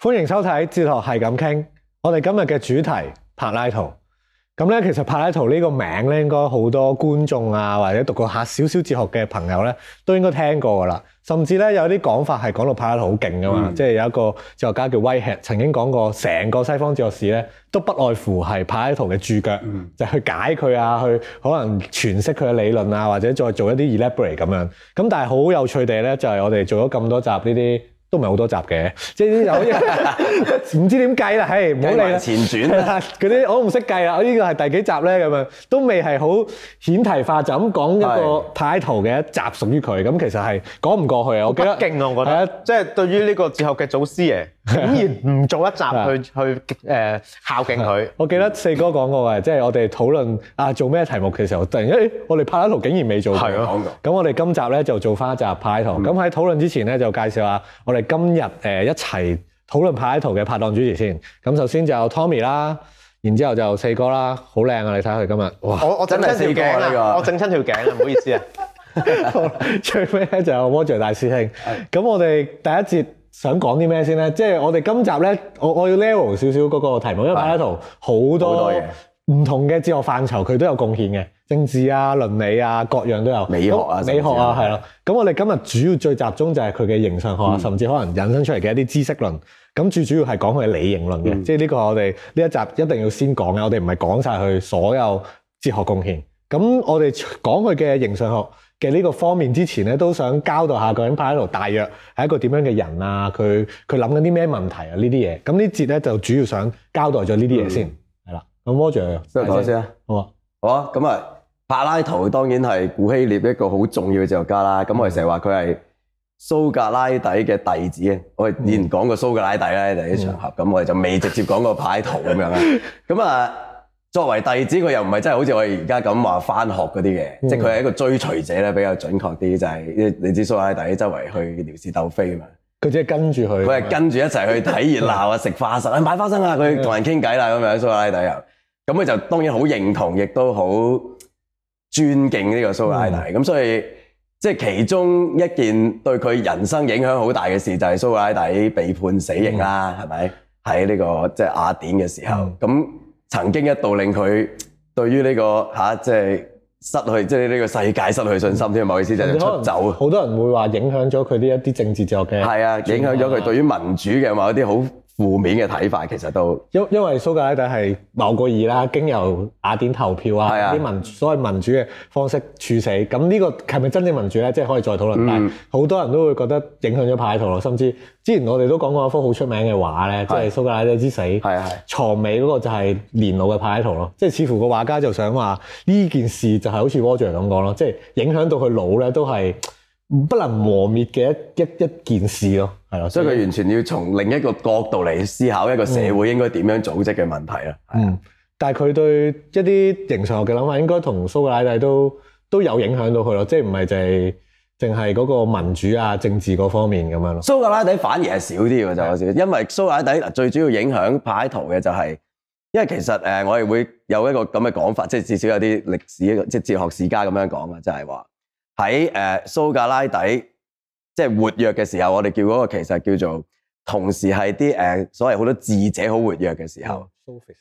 歡迎收睇《哲學係咁傾》，我哋今日嘅主題柏拉圖。咁咧，其實柏拉圖呢個名咧，應該好多觀眾啊，或者讀過下少少哲學嘅朋友咧，都應該聽過噶啦。甚至咧，有啲講法係講到柏拉圖好勁噶嘛，嗯、即係有一個哲學家叫 Whitehead，曾經講過成個西方哲學史咧，都不外乎係柏拉圖嘅注腳，嗯、就去解佢啊，去可能詮釋佢嘅理論啊，或者再做一啲 elaborate 咁樣。咁但係好有趣地咧，就係、是、我哋做咗咁多集呢啲。都唔係好多集嘅，即係好似唔知點計啦，唉，唔好理啦。前傳嗰啲我都唔識計啦，我呢個係第幾集呢？咁樣都未係好顯題化，就咁講一個 title 嘅一集屬於佢，咁的其實係講唔過去啊。我覺得，睇下即係對於呢個哲學嘅祖師爺。竟然唔做一集去、啊、去誒孝敬佢。我記得四哥講過嘅，即係我哋討論啊做咩題目嘅時候，突然間我哋柏拉圖竟然未做過。係咯、啊。咁我哋今集咧就做翻一集柏拉圖。咁喺、嗯、討論之前咧就介紹下我哋今日誒一齊討論柏拉圖嘅拍檔主持先。咁首先就 Tommy 啦，然之後就四哥啦，好靚啊！你睇下佢今日，哇！我我整親條頸，我整親條頸唔 好意思啊。 最尾咧就有 Roger 大師兄。咁我哋第一節。想講啲咩先咧？即係我哋今集咧，我我要 level 少少嗰個題目，因為柏拉圖好多唔同嘅哲學範疇，佢都有貢獻嘅，政治啊、倫理啊，各樣都有。美學啊，美學啊，係咯。咁我哋今日主要最集中就係佢嘅形上學，甚至可能引申出嚟嘅一啲知識論。咁最主要係講佢嘅理型論嘅，即係呢個我哋呢一集一定要先講嘅。我哋唔係講晒佢所有哲學貢獻。咁我哋講佢嘅形上學。嘅呢個方面之前咧，都想交代下究竟柏拉圖大約係一個點樣嘅人啊，佢佢諗緊啲咩問題啊？呢啲嘢，咁呢節咧就主要想交代咗呢啲嘢先，係啦的。咁 Warren，上台先啊。好啊吧。好啊。咁啊，柏拉圖當然係古希臘一個好重要嘅哲學家啦。咁我哋成日話佢係蘇格拉底嘅弟子，啊、嗯。我哋以前講過蘇格拉底啦，第啲、嗯、場合。咁我哋就未直接講過柏拉圖咁樣啦。咁啊。作為弟子，佢又唔係真係好似我哋而家咁話返學嗰啲嘅，嗯、即係佢係一個追隨者咧，比較準確啲就係、是、你知蘇拉底周圍去撩事鬥非嘛。佢只係跟住佢，佢係跟住一齊去睇熱鬧啊，食 花生啊，買花生啊，佢同人傾偈啦咁樣。蘇拉底又咁，佢就當然好認同，亦都好尊敬呢個蘇拉底。咁、嗯、所以即係其中一件對佢人生影響好大嘅事，就係、是、蘇拉底被判死刑啦，係咪、嗯？喺呢、這個即係雅典嘅時候咁。曾經一度令佢對於呢、這個嚇、啊，即係失去，即係呢個世界失去信心添，唔好意思，就可能 出走。好多人會話影響咗佢啲一啲政治自由嘅，係啊，影響咗佢對於民主嘅一啲負面嘅睇法其實都，因因為蘇格拉底係某個議啦，經由雅典投票啊啲的民所謂民主嘅方式處死，咁呢個係咪真正民主咧？即係可以再討論。嗯、但係好多人都會覺得影響咗柏拉圖咯，甚至之前我哋都講過一幅好出名嘅畫咧，即係蘇格拉底之死，係係，牀尾嗰個就係年老嘅柏拉圖咯，即係似乎個畫家就想話呢件事就係好似 George 咁講咯，即係影響到佢腦咧都係。不能磨滅嘅一一一件事咯，係咯，所以佢完全要從另一個角度嚟思考一個社會應該點樣組織嘅問題啦。嗯，的嗯，但係佢對一啲形上學嘅諗法，應該同蘇格拉底都都有影響到佢咯，即係唔係就係淨係嗰個民主啊政治嗰方面咁樣咯。蘇格拉底反而係少啲嘅就，的因為蘇格拉底最主要影響柏拉圖嘅就係、是，因為其實誒、呃、我哋會有一個咁嘅講法，即係至少有啲歷史即係哲學史家咁樣講啊，即係話。喺誒蘇格拉底即係、就是、活躍嘅時候，我哋叫嗰個其實叫做同時係啲誒所謂好多智者好活躍嘅時候，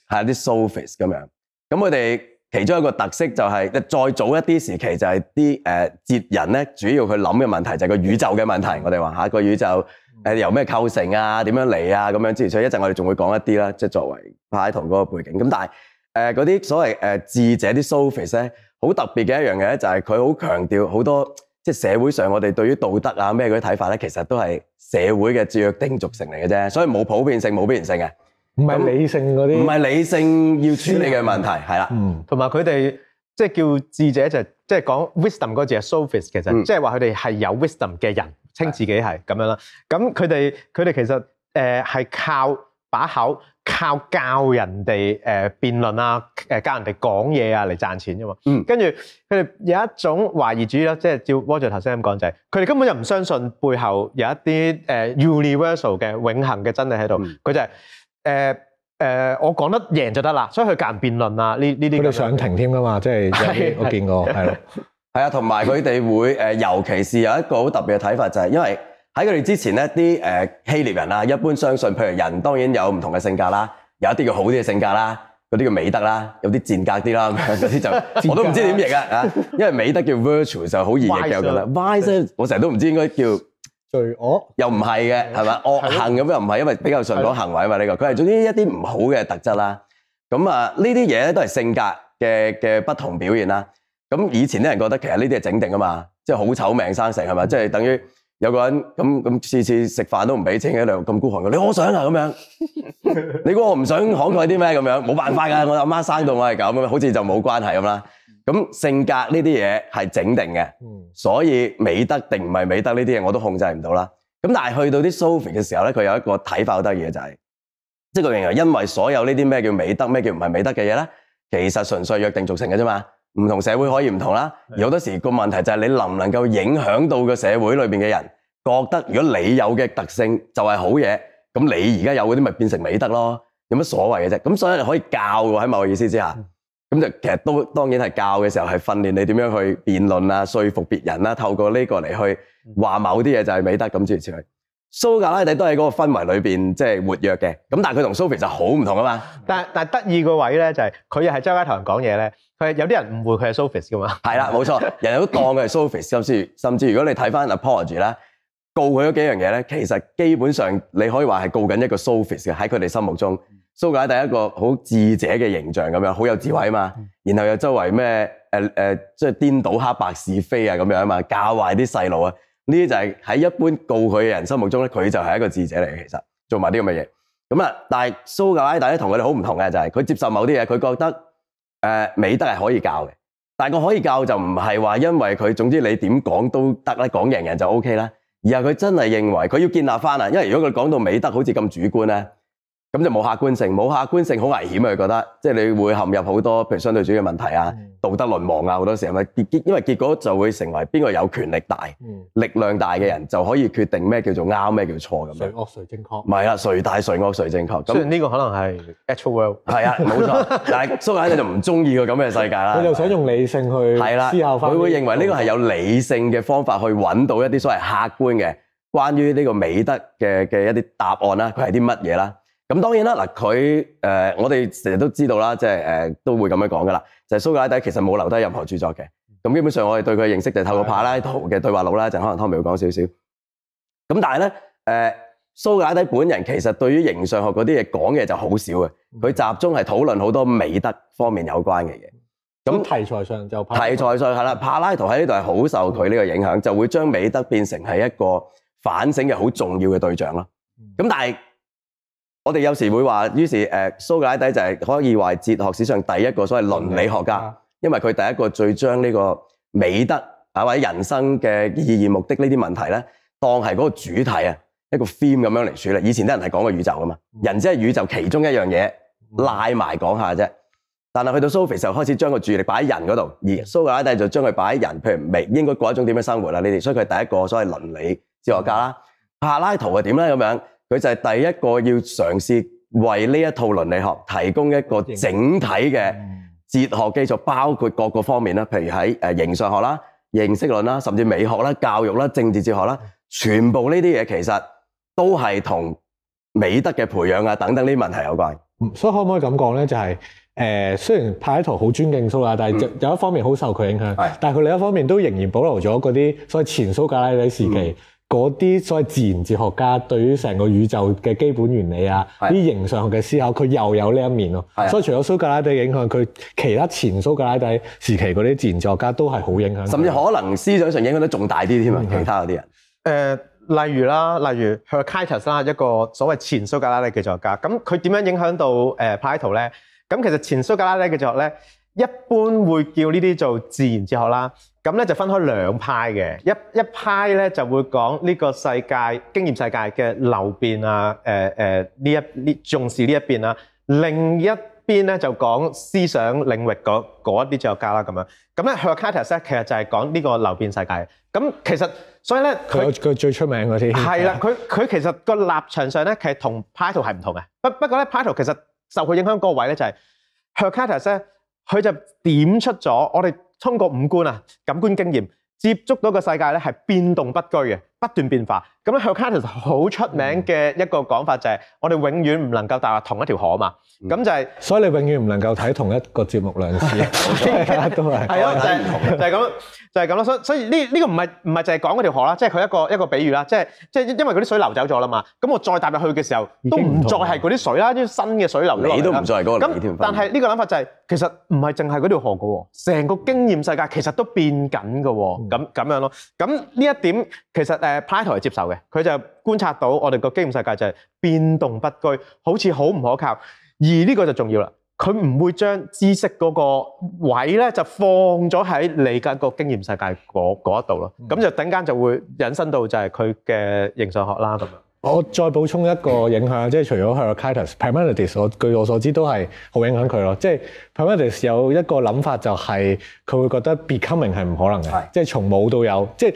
係啲 Sophists 咁樣。咁佢哋其中一個特色就係、是，再早一啲時期就係啲誒哲人咧，主要去諗嘅問題就係個宇宙嘅問題。我哋話下個宇宙誒由咩構成啊？點樣嚟啊？咁樣之前，所以一陣我哋仲會講一啲啦，即係作為柏拉圖嗰個背景。咁但係誒嗰啲所謂誒智者啲 Sophists 咧。好特別嘅一樣嘢就係佢好強調好多即係社會上我哋對於道德啊咩嗰啲睇法咧，其實都係社會嘅約定俗成嚟嘅啫，所以冇普遍性，冇必然性嘅。唔係理性嗰啲，唔係理性要處理嘅問題係啦。嗯，同埋佢哋即係叫智者就即係講 wisdom 嗰字係 sophist，其實即係話佢哋係有 wisdom 嘅人，稱自己係咁的樣啦。咁佢哋佢哋其實誒係、呃、靠把口。靠教人哋誒辯論啊，誒教人哋講嘢啊嚟賺錢啫嘛。嗯，跟住佢哋有一種懷疑主義咯，即係照 Roger 頭先咁講就係，佢哋根本就唔相信背後有一啲誒 universal 嘅永恆嘅真理喺度。佢就係誒誒，我講得贏就得啦。所以佢教人辯論啊，呢呢啲都想停添噶嘛，即係我見過，係咯，係啊，同埋佢哋會誒，尤其是有一個好特別嘅睇法就係，因為。喺佢哋之前呢啲誒希臘人啦、啊，一般相信，譬如人當然有唔同嘅性格啦，有一啲叫好啲嘅性格啦，嗰啲叫美德啦，有啲賤格啲啦，嗰 啲就我都唔知點譯啊， 因為美德叫 virtue 就好易譯嘅，V icer，我覺得。V icer, 我成日都唔知道應該叫罪惡，我又唔係嘅，係嘛惡行咁又唔係，因為比較純講行為嘛呢個，佢係、啊啊、總之一啲唔好嘅特質啦。咁啊，呢啲嘢都係性格嘅、啊、不同表現啦。咁以前啲人覺得其實呢啲係整定啊嘛，即係好醜命、就是、生成係嘛，即係、就是、等於。有個人次次食飯都唔俾清一兩，咁孤寒嘅你我想啊咁樣， 你估我唔想慷慨啲咩咁樣，冇辦法噶，我阿媽生到我係咁，好似就冇關係咁啦。咁 性格呢啲嘢係整定嘅，所以美德定唔係美德呢啲嘢我都控制唔到啦。咁但係去到啲 Sophie 嘅時候咧，佢有一個睇法好得意嘅就係、是，即係佢認為因為所有呢啲咩叫美德咩叫唔係美德嘅嘢咧，其實純粹約定俗成嘅啫嘛。唔同社會可以唔同啦，而好多時個問題就係你能唔能夠影響到個社會裏面嘅人，覺得如果你有嘅特性就係好嘢，咁你而家有嗰啲咪變成美德咯？有乜所謂嘅啫？咁所以你可以教喎，喺某個意思之下，咁就其實都當然係教嘅時候係訓練你點樣去辯論啊、說服別人啊，透過呢個嚟去話某啲嘢就係美德咁之類之類。蘇格拉底都喺嗰個氛圍裏面即係活躍嘅，咁但係佢同蘇菲就好唔同啊嘛。但係但係得意個位咧就係佢又係周街同人講嘢咧。佢有啲人誤會佢係 Sophist 㗎嘛是？係啦，冇錯，人 人都當佢係 Sophist，甚至甚至如果你睇翻 Apology 啦，告佢嗰幾樣嘢咧，其實基本上你可以話係告緊一個 Sophist 嘅。喺佢哋心目中，蘇格拉底一個好智者嘅形象咁樣，好有智慧啊嘛。然後又周圍咩即係顛倒黑白是非啊咁樣啊嘛，教壞啲細路啊，呢啲就係喺一般告佢嘅人心目中咧，佢就係一個智者嚟嘅。其實做埋啲咁嘅嘢咁啦，但係蘇格拉底同佢哋好唔同嘅就係、是、佢接受某啲嘢，佢覺得。誒、呃，美德係可以教嘅，但係佢可以教就唔係話因為佢，總之你點講都得啦，講贏人就 OK 啦，而係佢真係認為佢要建立翻啊，因為如果佢講到美德好似咁主觀呢。咁就冇客觀性，冇客觀性好危險啊！佢覺得，即係你會陷入好多，譬如相對主義嘅問題啊，嗯、道德淪亡啊，好多時候咪因為結果就會成為邊個有權力大、嗯、力量大嘅人就可以決定咩叫做啱，咩叫做錯咁樣。誰惡誰正確？唔係啊，誰大誰惡誰正確？雖然呢個可能係 actual world，係啊那，冇錯。錯 但係蘇格拉底就唔中意個咁樣嘅世界啦。佢 就想用理性去思考翻。佢會認為呢個係有理性嘅方法去揾到一啲所謂客觀嘅關於呢個美德嘅一啲答案啦，佢係啲乜嘢啦？咁當然啦，嗱佢、呃、我哋成日都知道啦，即係、呃、都會咁樣講㗎喇。就是、蘇格拉底其實冇留低任何著作嘅。咁基本上我哋對佢認識就是透過柏拉圖嘅對話錄啦，就、嗯、可能湯米會講少少。咁但係咧、呃，蘇格拉底本人其實對於形上學嗰啲嘢講嘅就好少嘅，佢集中係討論好多美德方面有關嘅嘢。咁、嗯、題材上就題材上係啦，柏拉圖喺呢度係好受佢呢個影響，嗯、就會將美德變成係一個反省嘅好重要嘅對象啦。咁但係。嗯我哋有時會話，於是蘇格拉底就係可以話哲學史上第一個所謂倫理學家，因為佢第一個最將呢個美德、啊、或者人生嘅意義目的呢啲問題咧，當係嗰個主題啊一個 theme 咁樣嚟處理。以前啲人係講個宇宙㗎嘛，人只係宇宙其中一樣嘢，拉埋講下啫。但係去到蘇菲時候開始將個注意力擺喺人嗰度，而蘇格拉底就將佢擺喺人，譬如未應該過一種點樣生活啦，你哋。所以佢係第一個所謂倫理哲學家啦、啊。柏拉圖係點咧咁樣呢？佢就係第一個要嘗試為呢一套倫理學提供一個整體嘅哲學基礎，包括各個方面啦，譬如喺誒形上學啦、認識論啦、甚至美學啦、教育啦、政治哲學啦，全部呢啲嘢其實都係同美德嘅培養啊等等呢啲問題有關。所以可唔可以咁講咧？就係、是、誒、呃，雖然柏拉圖好尊敬蘇拉，但係有一方面好受佢影響，嗯、但係佢另一方面都仍然保留咗嗰啲，所謂前蘇格拉底時期。嗯嗰啲所謂自然哲學家對於成個宇宙嘅基本原理啊，啲的形上學嘅思考，佢又有呢一面咯。的所以除咗蘇格拉底影響，佢其他前蘇格拉底時期嗰啲自然哲學家都係好影響，甚至可能思想上影響得仲大啲添啊！嗯、其他嗰啲人，誒例如啦，例如赫凱特斯啦，itis，一個所謂前蘇格拉底嘅作家，咁佢點樣影響到誒柏拉圖咧？咁其實前蘇格拉底嘅作家咧。一般會叫呢啲做自然哲學啦，咁咧就分開兩派嘅，一一派咧就會講呢個世界經驗世界嘅流變啊，誒誒呢一呢重視呢一邊啦，另一邊咧就講思想領域嗰嗰一啲哲學家啦咁樣。咁咧，Heraclitus 咧其實就係講呢個流變世界。咁其實所以咧佢佢最出名嗰啲係啦，佢佢其實個立場上咧其實同 Plato 係唔同嘅，不不過咧 Plato 其實受佢影響嗰個位咧就係 Heraclitus 咧。佢就點出咗，我哋通過五官啊、感官經驗接觸到個世界呢，係變動不居嘅。不斷變化，咁咧 Heraclitus 好出名嘅一個講法就係，我哋永遠唔能夠踏入同一條河啊嘛，咁就係，所以你永遠唔能夠睇同一個節目兩次，係啊，就係咁，就係咁咯，所所以呢呢個唔係唔係就係講嗰條河啦，即係佢一個一個比喻啦，即係即係因為嗰啲水流走咗啦嘛，咁我再踏入去嘅時候，都唔再係嗰啲水啦，啲新嘅水流落嚟啦，咁但係呢個諗法就係，其實唔係淨係嗰條河嘅喎，成個經驗世界其實都變緊嘅喎，咁咁樣咯，咁呢一點其實。誒 Plato 係接受嘅，佢就觀察到我哋個經驗世界就係變動不居，好似好唔可靠。而呢個就重要啦，佢唔會將知識嗰個位咧就放咗喺你嘅個經驗世界嗰一度咯。咁就等間就會引申到就係佢嘅形上學啦。咁樣，我再補充一個影響，即係除咗 Heraclitus Parmenides，我據我所知都係好影響佢咯。即係 Parmenides 有一個諗法，就係佢會覺得 becoming 係唔可能嘅，是即係從冇到有，即係。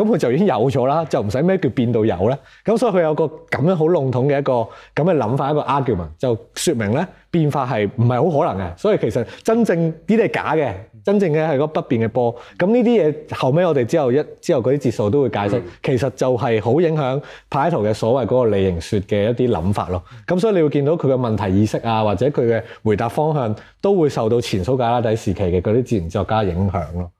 咁佢就已經有咗啦，就唔使咩叫變到有咧。咁所以佢有個咁樣好籠統嘅一個咁嘅諗法，一個 argument 就説明咧變化係唔係好可能嘅。所以其實真正啲係假嘅，真正嘅係嗰不變嘅波。咁呢啲嘢後尾我哋之後一之後嗰啲節數都會解釋，嗯、其實就係好影響柏拉圖嘅所謂嗰個理型說嘅一啲諗法咯。咁所以你會見到佢嘅問題意識啊，或者佢嘅回答方向都會受到前蘇格拉底時期嘅嗰啲自然作家影響咯。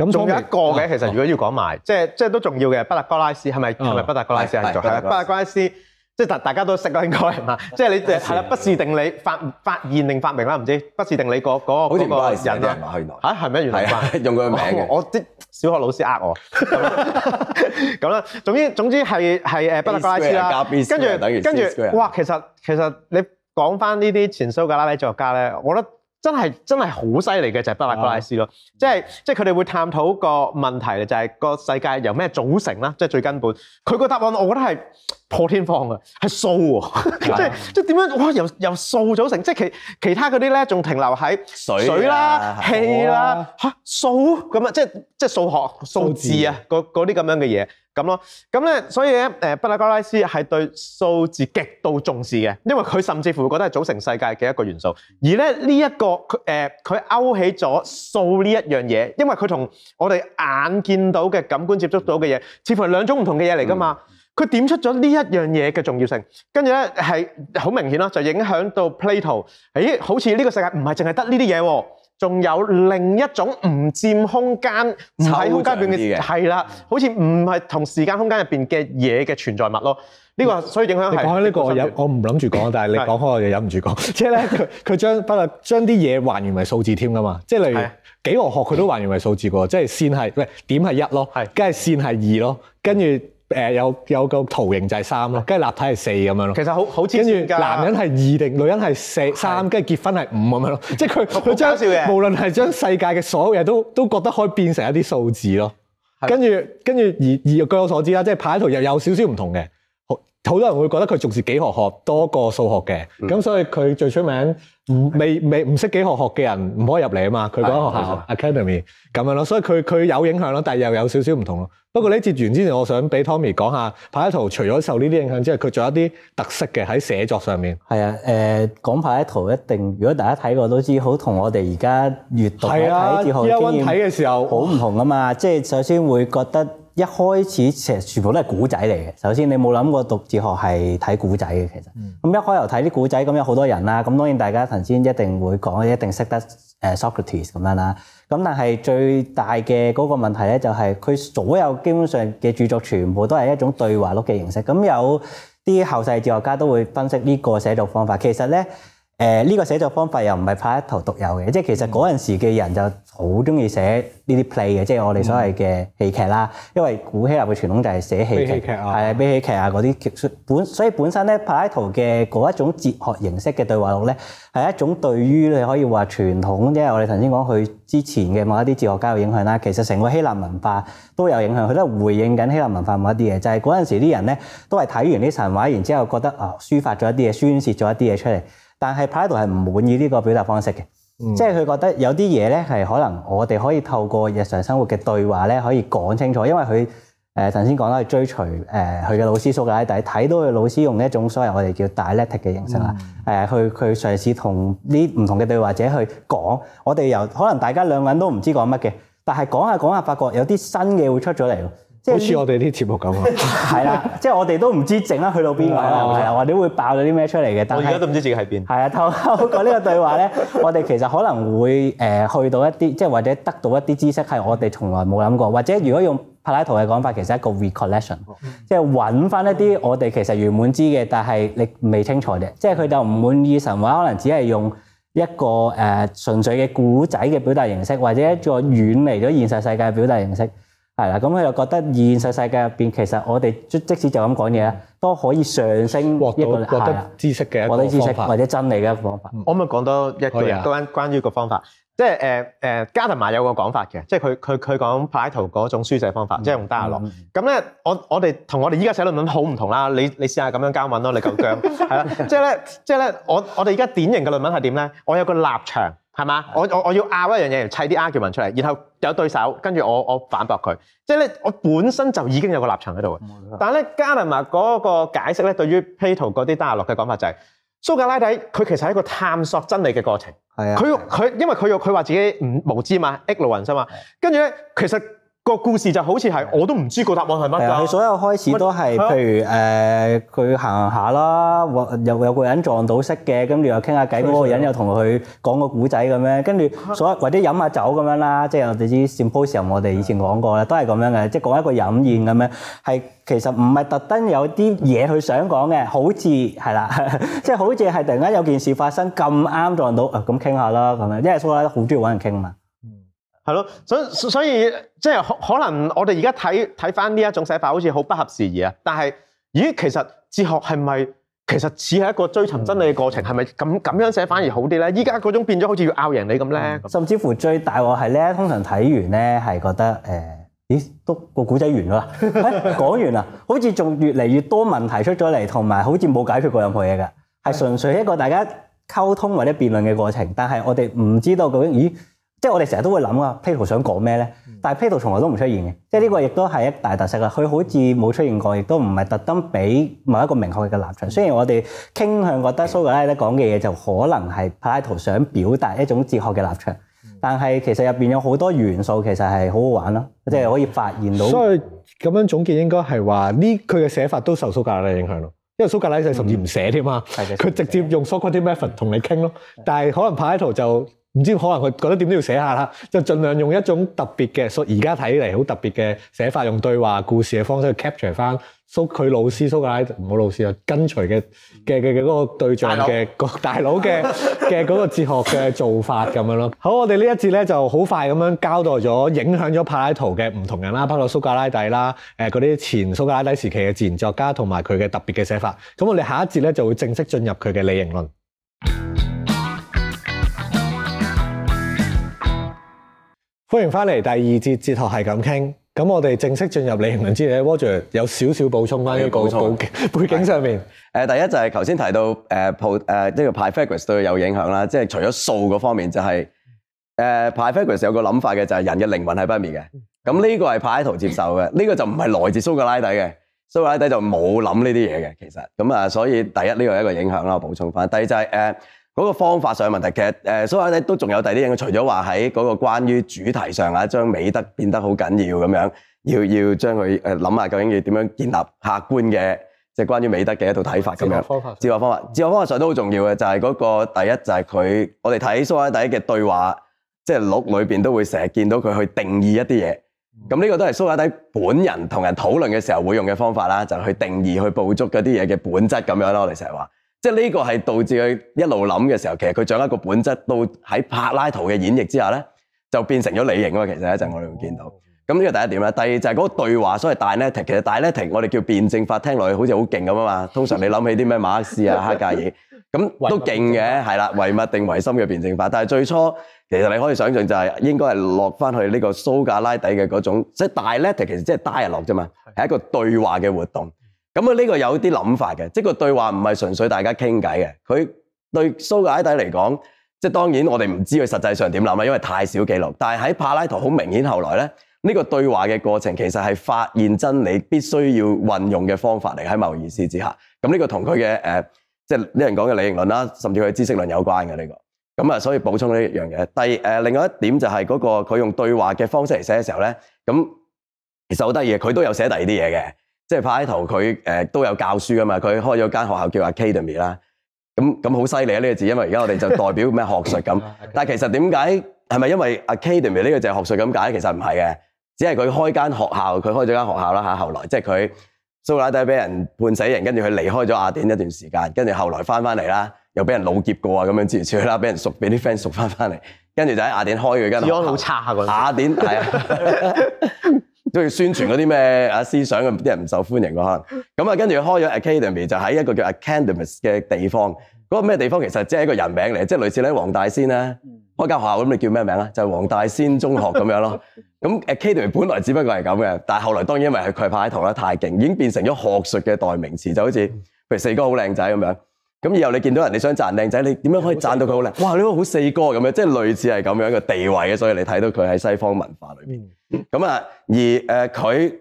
咁仲有一個嘅，其實如果要講埋，即係即係都重要嘅畢達哥拉斯，係咪係咪畢達哥拉斯係做？係啦，畢達哥拉斯即係大大家都識咯，應該係嘛？即係你哋係啦，畢氏定理發發現定發明啦，唔知畢氏定理嗰嗰個好似唔關事人嘛？原來嚇，係咪？原來用佢嘅名。我啲小學老師呃我咁啦。總之總之係係誒畢達哥拉斯啦。跟住跟住，哇！其實其實你講返呢啲前蘇格拉底作家咧，我覺得。真係真係好犀利嘅就係畢達哥拉斯咯的，即係即係佢哋會探討個問題就係個世界由咩組成啦，即係最根本。佢個答案，我覺得係破天荒嘅，係數，的 即係即係點樣？哇！由由數組成，即係其其，其他嗰啲咧，仲停留喺水水啦、氣啦吓數咁啊，即係即係數學數字啊，嗰啲咁樣嘅嘢。字咁咯，咁咧，所以咧，誒畢、呃、達哥拉斯係對數字極度重視嘅，因為佢甚至乎覺得係組成世界嘅一個元素。而咧呢一、這個佢誒，佢、呃、勾起咗數呢一樣嘢，因為佢同我哋眼見到嘅感官接觸到嘅嘢，似乎係兩種唔同嘅嘢嚟㗎嘛。佢、嗯、點出咗呢一樣嘢嘅重要性，跟住咧係好明顯咯，就影響到 Plato，誒，好似呢個世界唔係淨係得呢啲嘢喎。仲有另一種唔佔空間、唔喺空間入邊嘅，係啦，好似唔係同時間空間入邊嘅嘢嘅存在物咯。呢、嗯、個所以影響。你講開呢個，我我唔諗住講，但係你講開是，我又忍唔住講。即係咧，佢佢將不論將啲嘢還原為數字添㗎嘛。即、就、係、是、例如幾何學，佢都還原為數字喎。即係是線係，唔係點係一咯，跟係線係二咯，跟住。誒有有個圖形就係三咯，跟住立體係四咁樣咯。其實好好黐線㗎。男人係二定女人係四三，跟住結婚係五咁樣咯。即係佢佢將無論係將世界嘅所有嘢都都覺得可以變成一啲數字咯。跟住跟住而而據我所知啦，即係柏拉圖又有少少唔同嘅，好好多人會覺得佢仲是幾何學多過數學嘅。咁、嗯、所以佢最出名。未未唔識幾學學嘅人唔可以入嚟啊嘛，佢講學校、啊啊、academy 咁樣咯，所以佢佢有影響咯，但係又有少少唔同咯。不過呢一節完之前，我想俾 Tommy 講下，柏拉圖除咗受呢啲影響之外，佢仲有一啲特色嘅喺寫作上面。係啊，誒、呃，講柏拉圖一定，如果大家睇過都知，好同我哋而家閱讀睇哲學睇嘅經時候好唔同啊嘛， 即係首先會覺得。一開始其實全部都係古仔嚟嘅。首先你冇諗過讀哲學係睇古仔嘅，其實咁、嗯、一開頭睇啲古仔咁有好多人啦。咁當然大家頭先一定會講，一定識得誒 Socrates 咁樣啦。咁但係最大嘅嗰個問題咧、就係，就係佢所有基本上嘅著作全部都係一種對話錄嘅形式。咁有啲後世哲學家都會分析呢個寫作方法。其實咧。誒呢個寫作方法又唔係柏拉圖獨有嘅，即係其實嗰陣時嘅人就好中意寫呢啲 play 嘅、嗯，即係我哋所謂嘅戲劇啦。因為古希臘嘅傳統就係寫戲劇，係啊，悲喜劇啊嗰啲劇本。所以本身咧，柏拉圖嘅嗰一種哲學形式嘅對話錄咧，係一種對於你可以話傳統，即係我哋頭先講佢之前嘅某一啲哲學家嘅影響啦。其實成個希臘文化都有影響，佢都係回應緊希臘文化某一啲嘢。就係嗰陣時啲人咧，都係睇完啲神話，然之後覺得啊，抒、哦、發咗一啲嘢，宣泄咗一啲嘢出嚟。但係 Plato 係唔滿意呢個表達方式嘅，嗯、即係佢覺得有啲嘢咧係可能我哋可以透過日常生活嘅對話咧可以講清楚，因為佢誒頭先講啦，佢、呃、追隨誒佢嘅老師蘇格拉底，睇到佢老師用呢一種所謂我哋叫 dialectic 嘅形式啦，誒去佢嘗試同啲唔同嘅對話者去講，我哋又可能大家兩個人都唔知講乜嘅，但係講下講下，發覺有啲新嘅會出咗嚟。好似我哋啲節目咁、 就是、啊，係啦吧，即係我哋都唔知整得去到邊位，係啦，或者會爆咗啲咩出嚟嘅。但我而家都唔知自己喺邊。係啊，透過呢個對話咧，我哋其實可能會誒去到一啲，即係或者得到一啲知識，係我哋從來冇諗過，或者如果用柏拉圖嘅講法，其實係一個 recollection，即係揾、嗯、翻一啲我哋其實原本知嘅，但係你未清楚嘅，即係佢就唔、是、滿意神話，可能只係用一個誒純粹嘅古仔嘅表達形式，或者一個遠離咗現實世界嘅表達形式。係啦，咁佢又覺得現實世界入邊，其實我哋即即使就咁講嘢，都可以上升一個、啊、覺得知識嘅一個方法知識，或者真理嘅方法。我咪講多一個關、啊、關於一個方法，即係誒誒，加藤馬有個講法嘅，即係佢佢佢講柏拉圖嗰種書寫方法，即、就、係、是、用德拉。咁咧、嗯嗯，我我哋同我哋依家寫論文好唔同啦。你你試下咁樣交文咯，你夠姜。係啦。 即係咧，即係咧，我我哋而家典型嘅論文係點咧？我有個立場。係嘛的？我我要拗一樣嘢，砌啲 argument 出嚟，然後有對手，跟住我我反駁佢。即係咧，我本身就已經有個立場喺度嘅。嗯、但係咧，加文物嗰個解釋咧，對於柏拉圖嗰啲 dialogue 嘅講法就係、是、蘇格拉底，佢其實係一個探索真理嘅過程。係啊的，佢佢因為佢要話自己唔無，無知嘛，ignorance 嘛，跟住咧其實。個故事就好似係我都唔知個答案係乜㗎。係啊，佢所有開始都係譬如誒，佢行下啦，有、呃、有個人撞到識嘅，跟住又傾下偈。嗰個人又同佢講個故仔咁樣，跟住或者飲下酒咁樣啦。即係我哋知，Symposium，我哋以前講過啦，都係咁樣嘅，即係講一個飲宴咁樣。係其實唔係特登有啲嘢去想講嘅，好似係啦， 即係好似係突然間有件事發生咁啱撞到，咁傾下啦咁樣。因為蘇拉好中意揾人傾嘛。係咯，所以所以即係可能我哋而家睇睇翻呢一種寫法，好似好不合時宜啊！但係咦，其實哲學係咪其實似係一個追尋真理嘅過程？係咪咁咁樣寫反而好啲咧？依家嗰種變咗好似要拗贏你咁咧，嗯。甚至乎最大鑊係咧，通常睇完咧係覺得誒，咦，欸，都個古仔完咗啦，講、哎、完啦， 好似仲越嚟越多問題出咗嚟，同埋好似冇解決過任何嘢噶，係純粹一個大家溝通或者辯論嘅過程。但係我哋唔知道究竟咦。咦即係我哋成日都會諗啊 Plato 想講咩咧？但係 Plato 從來都唔出現嘅，即係呢個亦都係一大特色啊。佢好似冇出現過，亦都唔係特登俾某一個明確嘅立場。雖然我哋傾向覺得蘇格拉底講嘅嘢就可能係柏拉圖想表達一種哲學嘅立場，但係其實入邊有好多元素其實係好好玩咯，嗯、即係可以發現到。所以咁樣總結應該係話呢？佢嘅寫法都受蘇格拉底影響咯，因為蘇格拉底甚至唔寫添嘛，佢、嗯、直接用 Socratic method 同係嘅你傾咯。但係可能柏拉圖就唔知可能佢覺得點都要寫下啦，就盡量用一種特別嘅，所而家睇嚟好特別嘅寫法，用對話故事嘅方式去 capture 翻蘇佢老師蘇格拉底，唔好老師啊，跟隨嘅嘅嘅嘅嗰個對象嘅個大佬嘅嘅嗰個哲學嘅做法咁樣咯。好，我哋呢一節咧就好快咁樣交代咗影響咗柏拉圖嘅唔同人啦，包括蘇格拉底啦，誒嗰啲前蘇格拉底時期嘅自然作家同埋佢嘅特別嘅寫法。咁我哋下一節咧就會正式進入佢嘅理型論。歡迎翻嚟第二節哲學係咁傾，咁我哋正式進入理型論之理。Roger 有少少補充翻啲背景背景上面，誒，第一就係頭先提到誒，鋪誒呢個 Pythagoras 對佢有影響啦，即係除咗數嗰方面，就係誒 Pythagoras 有個諗法嘅，就係人嘅靈魂係不滅嘅，咁呢、嗯、個係柏拉圖接受嘅，呢 個就唔係來自蘇格拉底嘅，蘇格拉底就冇諗呢啲嘢嘅，其實，咁啊，所以第一呢、呢個係一個影響啦，補充翻。第二就係、是、誒。呃嗰個方法上嘅問題，其實誒蘇格拉底都仲有第啲嘢，佢除咗話喺嗰個關於主題上啊，將美德變得好緊要咁樣，要要將佢誒諗下究竟要點樣建立客觀嘅，即係關於美德嘅一套睇法咁樣。自方法。治學方法。治學方法上都好重要嘅，嗯、就係嗰、那個第一就係佢，我哋睇蘇格拉底嘅對話，即、就、係、是、錄裏邊都會成日見到佢去定義一啲嘢，咁呢、嗯、個都係蘇格拉底本人同人討論嘅時候會用嘅方法啦，就係、去定義去捕捉嗰啲嘢嘅本質咁樣囉。我哋成日話。即係呢個係導致佢一路諗嘅時候，其實佢掌握個本質。到喺柏拉圖嘅演繹之下咧，就變成咗理型啊。其實一陣我哋會見到。咁呢個第一點啦。第二就係嗰個對話，所謂大呢提。其實大呢提，我哋叫辯證法，聽落去好似好勁咁啊嘛。通常你諗起啲咩馬克思啊、黑格爾，咁 都勁嘅，係啦， 唯物定唯心嘅辯證法。但係最初，其實你可以想象就係應該係落翻去呢個蘇格拉底嘅嗰種。即係大呢提，其實即係 dialogue 咋嘛，係一個對話嘅活動。咁啊，呢個有啲諗法嘅，即係個對話唔係純粹大家傾偈嘅。佢對蘇格拉底嚟講，即係當然我哋唔知佢實際上點諗啦，因為太少記錄。但係喺柏拉圖好明顯，後來咧呢、這個對話嘅過程，其實係發現真理必須要運用嘅方法嚟，喺某意思之下。咁、嗯、呢、這個同佢嘅誒，即係呢人講嘅理性論啦，甚至佢知識論有關嘅呢、這個。咁、嗯、啊，所以補充呢一樣嘢。第誒、呃，另外一點就係嗰、那個佢用對話嘅方式嚟寫嘅時候咧，咁、嗯，、其實好得意嘅，佢都有寫第二啲嘢嘅。即係柏拉圖佢誒都有教書啊嘛，佢開咗間學校叫阿 Ac Academy 啦。咁咁好犀利啊！呢個字，因為而家我哋就代表咩學術咁。但係其實點解，係咪因為阿 Ac Academy 呢個就係學術咁解？其實唔係嘅，只係佢開間學校，佢開咗間學校啦嚇。後來即係佢蘇格拉底俾人判死人，跟住佢離開咗雅典一段時間，跟住後來翻翻嚟啦，又俾人老劫過啊咁樣住住啦，俾人贖，俾啲 friend 贖翻翻嚟，跟住就喺雅典開佢間。好差雅典，係啊。 都要宣傳嗰啲咩思想嘅啲人唔受歡迎喎，可能，咁啊跟住開咗 Academy 就喺一個叫 Academy 嘅地方，嗰、那個咩地方其實即係一個人名嚟，即係類似咧黃大仙啦，開間學校咁你叫咩名啊？就係、是、黃大仙中學咁樣咯。咁 Academy 本來只不過係咁嘅，但係後來當然因為佢派頭太勁，已經變成咗學術嘅代名詞，就好似譬如四哥好靚仔咁樣。咁以後你見到人你想讚靚仔，你點樣可以讚到佢好靚？哇！呢個好四哥咁樣，即係類似係咁樣的一個地位嘅，所以你睇到佢喺西方文化裏面。咁啊、嗯嗯。而誒，佢、呃、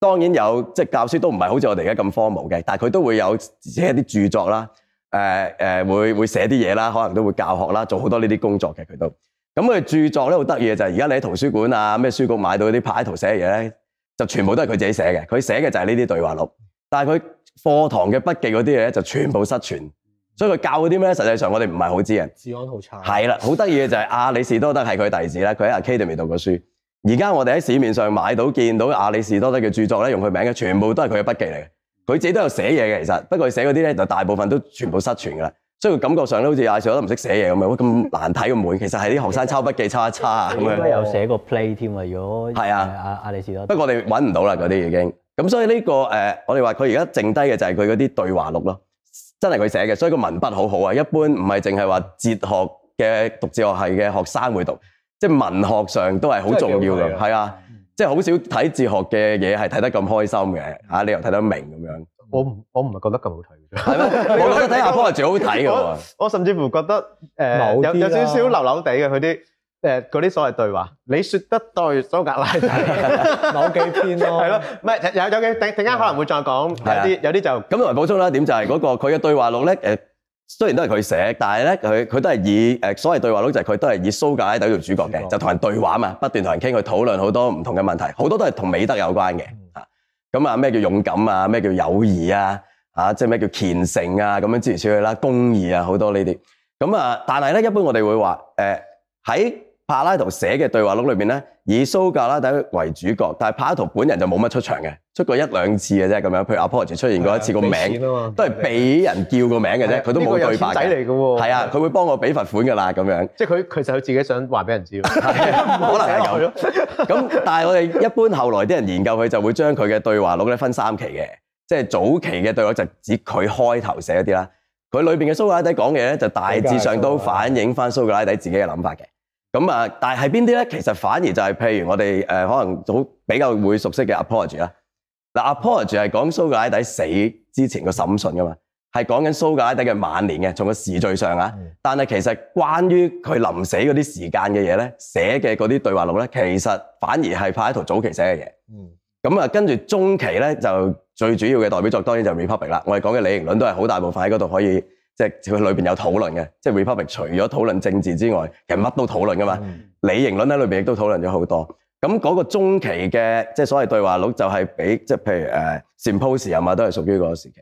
當然有即教書，都唔係好似我哋而家咁荒謬嘅，但係佢都會有寫一啲著作啦。誒、呃、誒、呃，會會寫啲嘢啦，可能都會教學啦，做好多呢啲工作嘅佢都。咁、嗯、佢著作咧好得意嘅就係，而家你喺圖書館啊咩書局買到嗰啲柏拉圖寫嘅嘢咧，就全部都係佢自己寫嘅。佢寫嘅就係呢啲對話錄，但係佢課堂嘅筆記嗰啲嘢咧就全部失傳。所以佢教嗰啲咩咧？實際上我哋唔係好知啊。治安好差。係啦，好得意嘅就係阿里士多德係佢弟子啦。佢喺 Academy 度未讀過書。而家我哋喺市面上買到見到嘅阿里士多德嘅著作咧，用佢名嘅全部都係佢嘅筆記嚟嘅。佢自己都有寫嘢嘅，其實不過寫嗰啲咧就大部分都全部失傳㗎啦。所以佢感覺上咧好似阿 Sir 都唔識寫嘢咁樣，咁難睇咁悶。 其實係啲學生抄筆記抄一抄啊咁樣。應該有寫過 play 添啊、哦？如果係啊，阿里士多德，德。不過我哋揾唔到啦嗰啲已經。咁 所以呢、呢個、呃、我哋話佢而家剩低嘅就係佢嗰啲對話錄咯。真係佢寫嘅，所以個文筆好好啊。一般唔係淨係話哲學嘅讀哲學系嘅學生會讀，即係文學上都係好重要嘅。係啊，即係好少睇哲學嘅嘢係睇得咁開心嘅，嚇你又睇得明咁樣。我唔我唔係覺得咁好睇，我覺得睇阿波係最好睇嘅喎。我甚至乎覺得誒有有少少流流地嘅佢啲。誒，嗰啲、呃、所謂對話，你說得對，蘇格拉底 某幾篇咯、啊，係咯，唔係有有嘅，突然間可能會再講、啊、有啲，有啲就咁同人補充啦。點就係、是、嗰個佢嘅對話錄咧？誒，雖然都係佢寫，但係咧佢佢都係以誒所謂對話錄就係佢都係以蘇格拉底做主角嘅，了就同人對話嘛，不斷同人傾佢討論好多唔同嘅問題，好多都係同美德有關嘅吓。咁 啊咩叫勇敢啊？咩叫友誼啊？啊即係咩叫虔誠啊？咁樣諸如此類啦，公義啊，好多呢啲。咁啊，但係咧一般我哋會話誒喺。呃柏拉圖寫嘅對話錄裏面咧，以蘇格拉底為主角，但係柏拉圖本人就冇乜出場嘅，出過一兩次嘅啫。咁樣，譬如 Apology 出現過一次個名，都係俾人叫個名嘅啫，佢的都冇對白的。個仔嚟嘅係啊，佢會幫我俾罰款嘅啦。咁樣，即係佢其實佢自己想話俾人知。 的 可能係咁咁， 但係我哋一般後來啲人研究佢，就會將佢嘅對話錄咧分三期嘅，即係早期嘅對話就指佢開頭寫嗰啲啦。佢裏邊嘅蘇格拉底講嘢咧，就大致上都反映翻蘇格拉底自己嘅諗法嘅。但係邊啲咧？其實反而就係，譬如我哋可能比較會熟悉嘅《Apology》啦。嗱，《Apology》係講蘇格拉底的死之前個審訊噶嘛，係講緊蘇格拉底嘅晚年嘅，從個時序上啊。嗯，但係其實關於佢臨死嗰啲時間嘅嘢咧，寫嘅嗰啲對話錄咧，其實反而係柏拉圖早期寫嘅嘢。嗯。咁啊，跟住中期呢，就最主要嘅代表作當然就係《Republic》啦。我哋講嘅理型論都係好大部分喺嗰度可以。即係佢裏邊有討論嘅，即係 Republic 除咗討論政治之外，其實乜都討論噶嘛。嗯、理型論喺裏邊亦都討論咗好多。咁嗰個中期嘅即係所謂對話錄就係比即係譬如誒、呃、Symposium 都係屬於嗰個時期。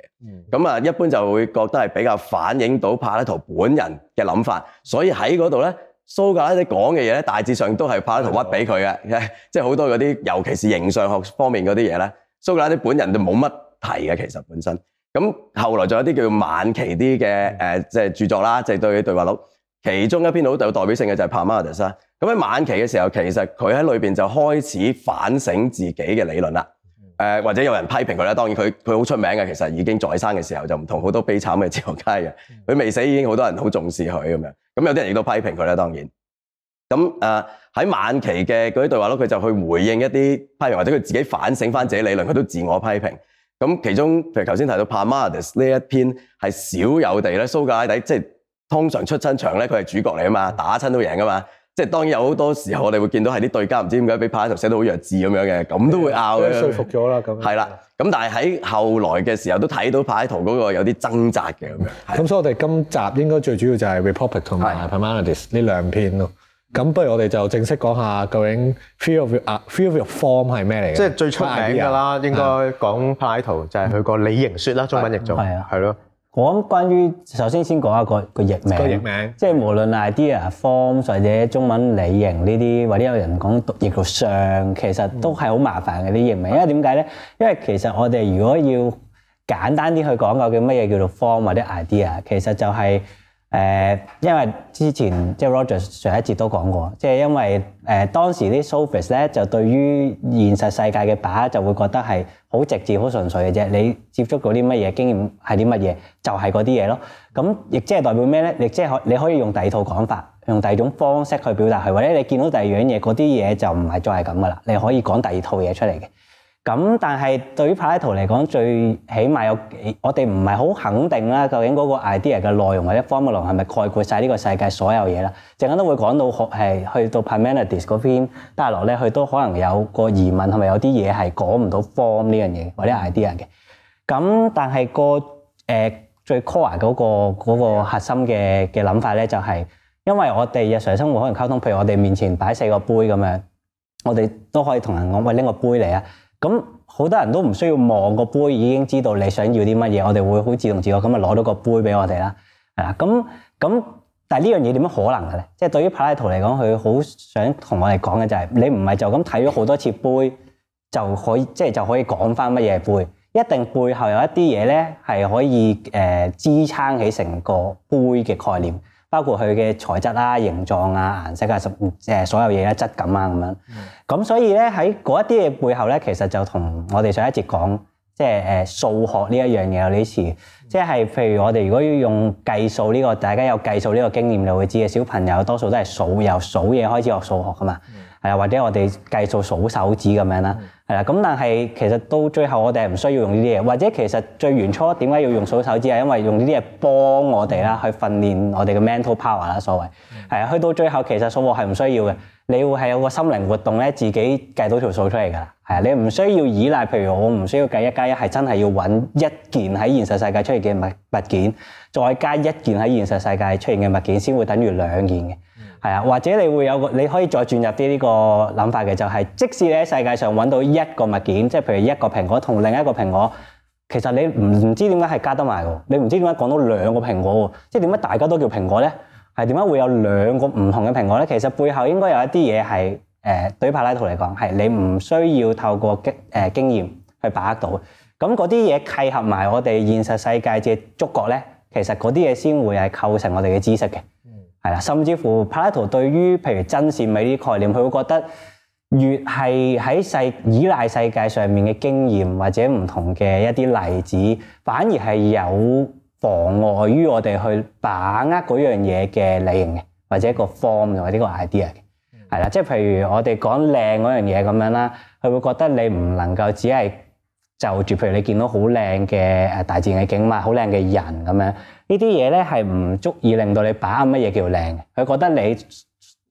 咁啊、嗯，一般就會覺得係比較反映到柏拉圖本人嘅諗法。所以喺嗰度咧，蘇格拉底講嘅嘢咧，大致上都係柏拉圖屈俾佢嘅，嗯、 即係好多嗰啲，尤其是形上學方面嗰啲嘢咧，蘇格拉底本人都冇乜提嘅，其實本身。咁後來仲有一啲叫晚期啲嘅誒，即係著作啦，即係對啲對話錄，其中一篇好有代表性嘅就係巴門尼德斯啦。咁喺晚期嘅時候，其實佢喺裏邊就開始反省自己嘅理論啦。誒，或者有人批評佢咧，當然佢佢好出名嘅，其實已經在生嘅時候就唔同好多悲慘嘅哲學家嘅，佢未死已經好多人好重視佢咁樣。咁有啲人亦都批評佢咧，當然。咁誒喺晚期嘅嗰啲對話錄，佢就去回應一啲批評，或者佢自己反省翻自己理論，佢都自我批評。咁其中，譬如頭先提到《Parmenides》呢一篇，係少有地咧，蘇格拉底即通常出親場咧，佢係主角嚟啊嘛，打親都贏噶嘛。即當然有好多時候，我哋會見到係啲對家唔知點解俾柏拉圖寫到好弱智咁樣嘅，咁都會拗嘅。都説服咗啦，咁。係啦，咁但係喺後來嘅時候都睇到柏拉圖嗰個有啲掙扎嘅咁樣。咁所以我哋今集應該最主要就係 Rep 的《Republic》同埋《Parmenides》呢兩篇咯。咁不如我哋就正式講下究竟 theory of, theory of Form 係咩嚟？即係最出名㗎啦，啊、應該講柏拉圖就係佢個理型說啦，中文譯做係啊，係咯。我諗關於首先先講下個個譯名，個譯名即係無論 idea form 或者中文理型呢啲，或者有人講譯做相，其實都係好麻煩嘅啲譯名，嗯、因為點解咧？因為其實我哋如果要簡單啲去講個叫乜嘢叫做 form 或者 idea，其實就係、是。誒，uh, 因為之前即係、就是、Roger 上一節都講過，即、就、係、是、因為誒、呃、當時啲 sophist 咧就對於現實世界嘅把握就會覺得係好直接、好純粹嘅啫。你接觸到啲乜嘢經驗係啲乜嘢，就係嗰啲嘢咯。咁亦即係代表咩咧？亦即係可你可以用第二套講法，用第二種方式去表達佢，或者你見到第二樣嘢，嗰啲嘢就唔係再係咁噶啦。你可以講第二套嘢出嚟嘅。咁但係對於柏拉圖嚟講，最起碼有幾，我哋唔係好肯定啦。究竟嗰個 idea 嘅內容或者 form 嘅內容係咪概括晒呢個世界所有嘢咧？陣間都會講到學係去到 Parmenides 嗰邊，達羅咧，佢都可能有個疑問，係咪有啲嘢係講唔到 form 呢樣嘢或者 idea 嘅？咁但係、嗰個誒、呃、最 core 嗰、嗰個嗰個核心嘅嘅諗法咧，就係、是、因為我哋日常生活可能溝通，譬如我哋面前擺四個杯咁樣，我哋都可以同人講喂拎個杯嚟啊！咁好多人都唔需要望個杯，已經知道你想要啲乜嘢。我哋會好自動自覺咁啊，攞到個杯俾我哋啦。係啊，咁咁，但係呢樣嘢點樣可能嘅咧？即係對於柏拉圖嚟講，佢好想同我哋講嘅就係，你唔係就咁睇咗好多次杯就可以，即係就可以講翻乜嘢杯？一定背後有一啲嘢咧，係可以誒支撐起成個杯嘅概念。包括佢嘅材質啦、形狀啊、顏色啊、什誒所有嘢咧、質感啊咁樣。咁、嗯、所以咧喺嗰一啲嘢背後咧，其實就同我哋上一節講，即係誒數學呢一樣嘢有啲似。嗯、即係譬如我哋如果要用計數呢、個，大家有計數呢個經驗，就會知嘅小朋友多數都係數由數嘢開始學數學㗎嘛。係啊，或者我哋計數數手指咁樣啦。係啦、嗯，咁但係其實到最後我哋係唔需要用呢啲嘢。或者其實最原初點解要用數手指啊？因為用呢啲嘢幫我哋啦，去訓練我哋嘅 mental power 啦，所謂係啊。去到最後其實數學係唔需要嘅。你會係有個心靈活動咧，自己計到條數出嚟㗎。係啊，你唔需要依賴。譬如我唔需要計一加一，係真係要揾一件喺現實世界出現嘅物物件，再加一件喺現實世界出現嘅物件，先會等於兩件嘅。係啊，或者你會有個你可以再轉入啲呢個諗法嘅，就係、是、即使你喺世界上揾到一個物件，即係譬如一個蘋果同另一個蘋果，其實你唔知點解係加得埋喎，你唔知點解講到兩個蘋果喎，即係點解大家都叫蘋果咧？係點解會有兩個唔同嘅蘋果咧？其實背後應該有一啲嘢係誒，對柏拉圖嚟講係你唔需要透過、呃、經誒經驗去把握到。咁嗰啲嘢契合埋我哋現實世界嘅觸覺咧，其實嗰啲嘢先會係構成我哋嘅知識嘅。係啦，甚至乎柏拉圖對於譬如真善美呢啲概念，佢會覺得越係喺世依賴世界上面嘅經驗或者唔同嘅一啲例子，反而係有妨礙於我哋去把握嗰樣嘢嘅理型嘅，或者一個 form 或者呢個 idea 嘅。係啦、嗯，即係譬如我哋講靚嗰樣嘢咁樣啦，佢會覺得你唔能夠只係。就住，譬如你見到好靚嘅誒大自然嘅景物，好靚嘅人咁樣，呢啲嘢咧係唔足以令到你把握乜嘢叫靚。佢覺得你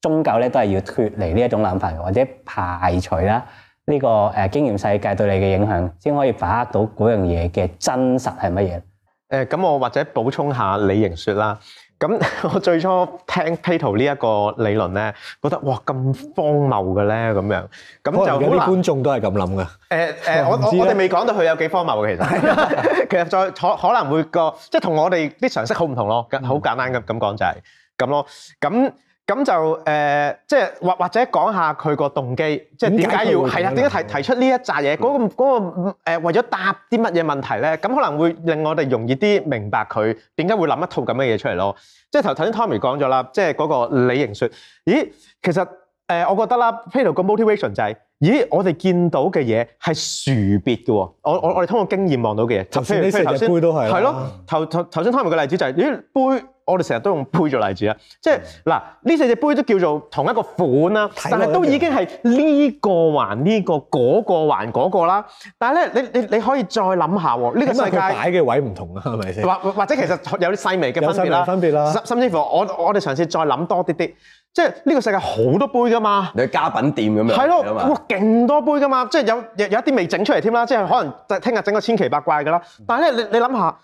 終究咧都係要脱離呢一種諗法，或者排除啦呢個誒經驗世界對你嘅影響，先可以把握到嗰樣嘢嘅真實係乜嘢。誒、呃，咁我或者補充下理型說啦。咁我最初聽柏拉圖呢一個理論咧，覺得哇咁荒謬嘅咧咁樣，咁就可能觀眾都係咁諗嘅。誒誒、呃，呃、我不 我哋未講到佢有幾荒謬嘅其實， 其實再可可能會個即係同我哋啲常識好唔同咯，好簡單咁咁講就係咁咯，咁。咁就誒，即係或或者講下佢個動機，即係點解要係啦？點解提提出呢一紮嘢？嗰個嗰個誒，為咗答啲乜嘢問題咧？咁可能會令我哋容易啲明白佢點解會諗一套咁嘅嘢出嚟咯。即係頭頭先 Tommy 講咗啦，即係嗰個理型説，咦，其實誒，我覺得啦，Peter 個 motivation 就係，咦，我哋見到嘅嘢係殊別嘅喎。我我我哋通過經驗望到嘅嘢，就譬如你頭先杯都係咯，頭頭頭先 Tommy 個例子就係，咦，杯。我哋成日都用杯做例子啊，即係嗱，呢的四隻杯都叫做同一個款啦，但係都已經係呢個還呢、這個嗰、那個還嗰個啦。但係咧，你你你可以再諗下喎，呢、這個世界擺嘅位唔同啦，係咪先？或或者其實有啲細微嘅分別啦，分別啊、甚至乎我我哋嘗試再諗多啲啲，即係呢、這個世界好多杯噶嘛，你去家品店咁樣係咯，哇，勁多杯噶嘛，即係有有，有，有，有一啲未整出嚟添啦，即係可能就聽日整個千奇百怪噶啦。但係咧，你你諗下？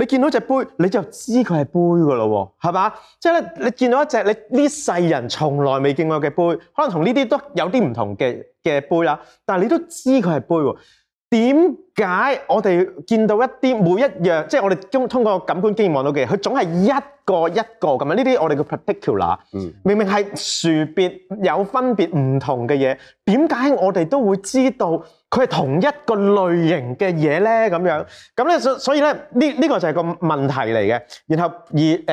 你見到隻杯，你就知佢係杯㗎喇喎，係嘛？即係咧，你見到一隻你呢世人從來未見過嘅杯，可能同呢啲都有啲唔同嘅杯啦，但你都知佢係杯。點解我哋見到一啲每一樣，即係我哋經通過感官經驗望到嘅嘢，佢總係一個一個咁樣。呢啲我哋叫 particular，嗯，明明係殊別有分別唔同嘅嘢，點解我哋都會知道佢係同一個類型嘅嘢咧？咁樣咁咧，所所以咧呢呢個就係個問題嚟嘅。然後而誒誒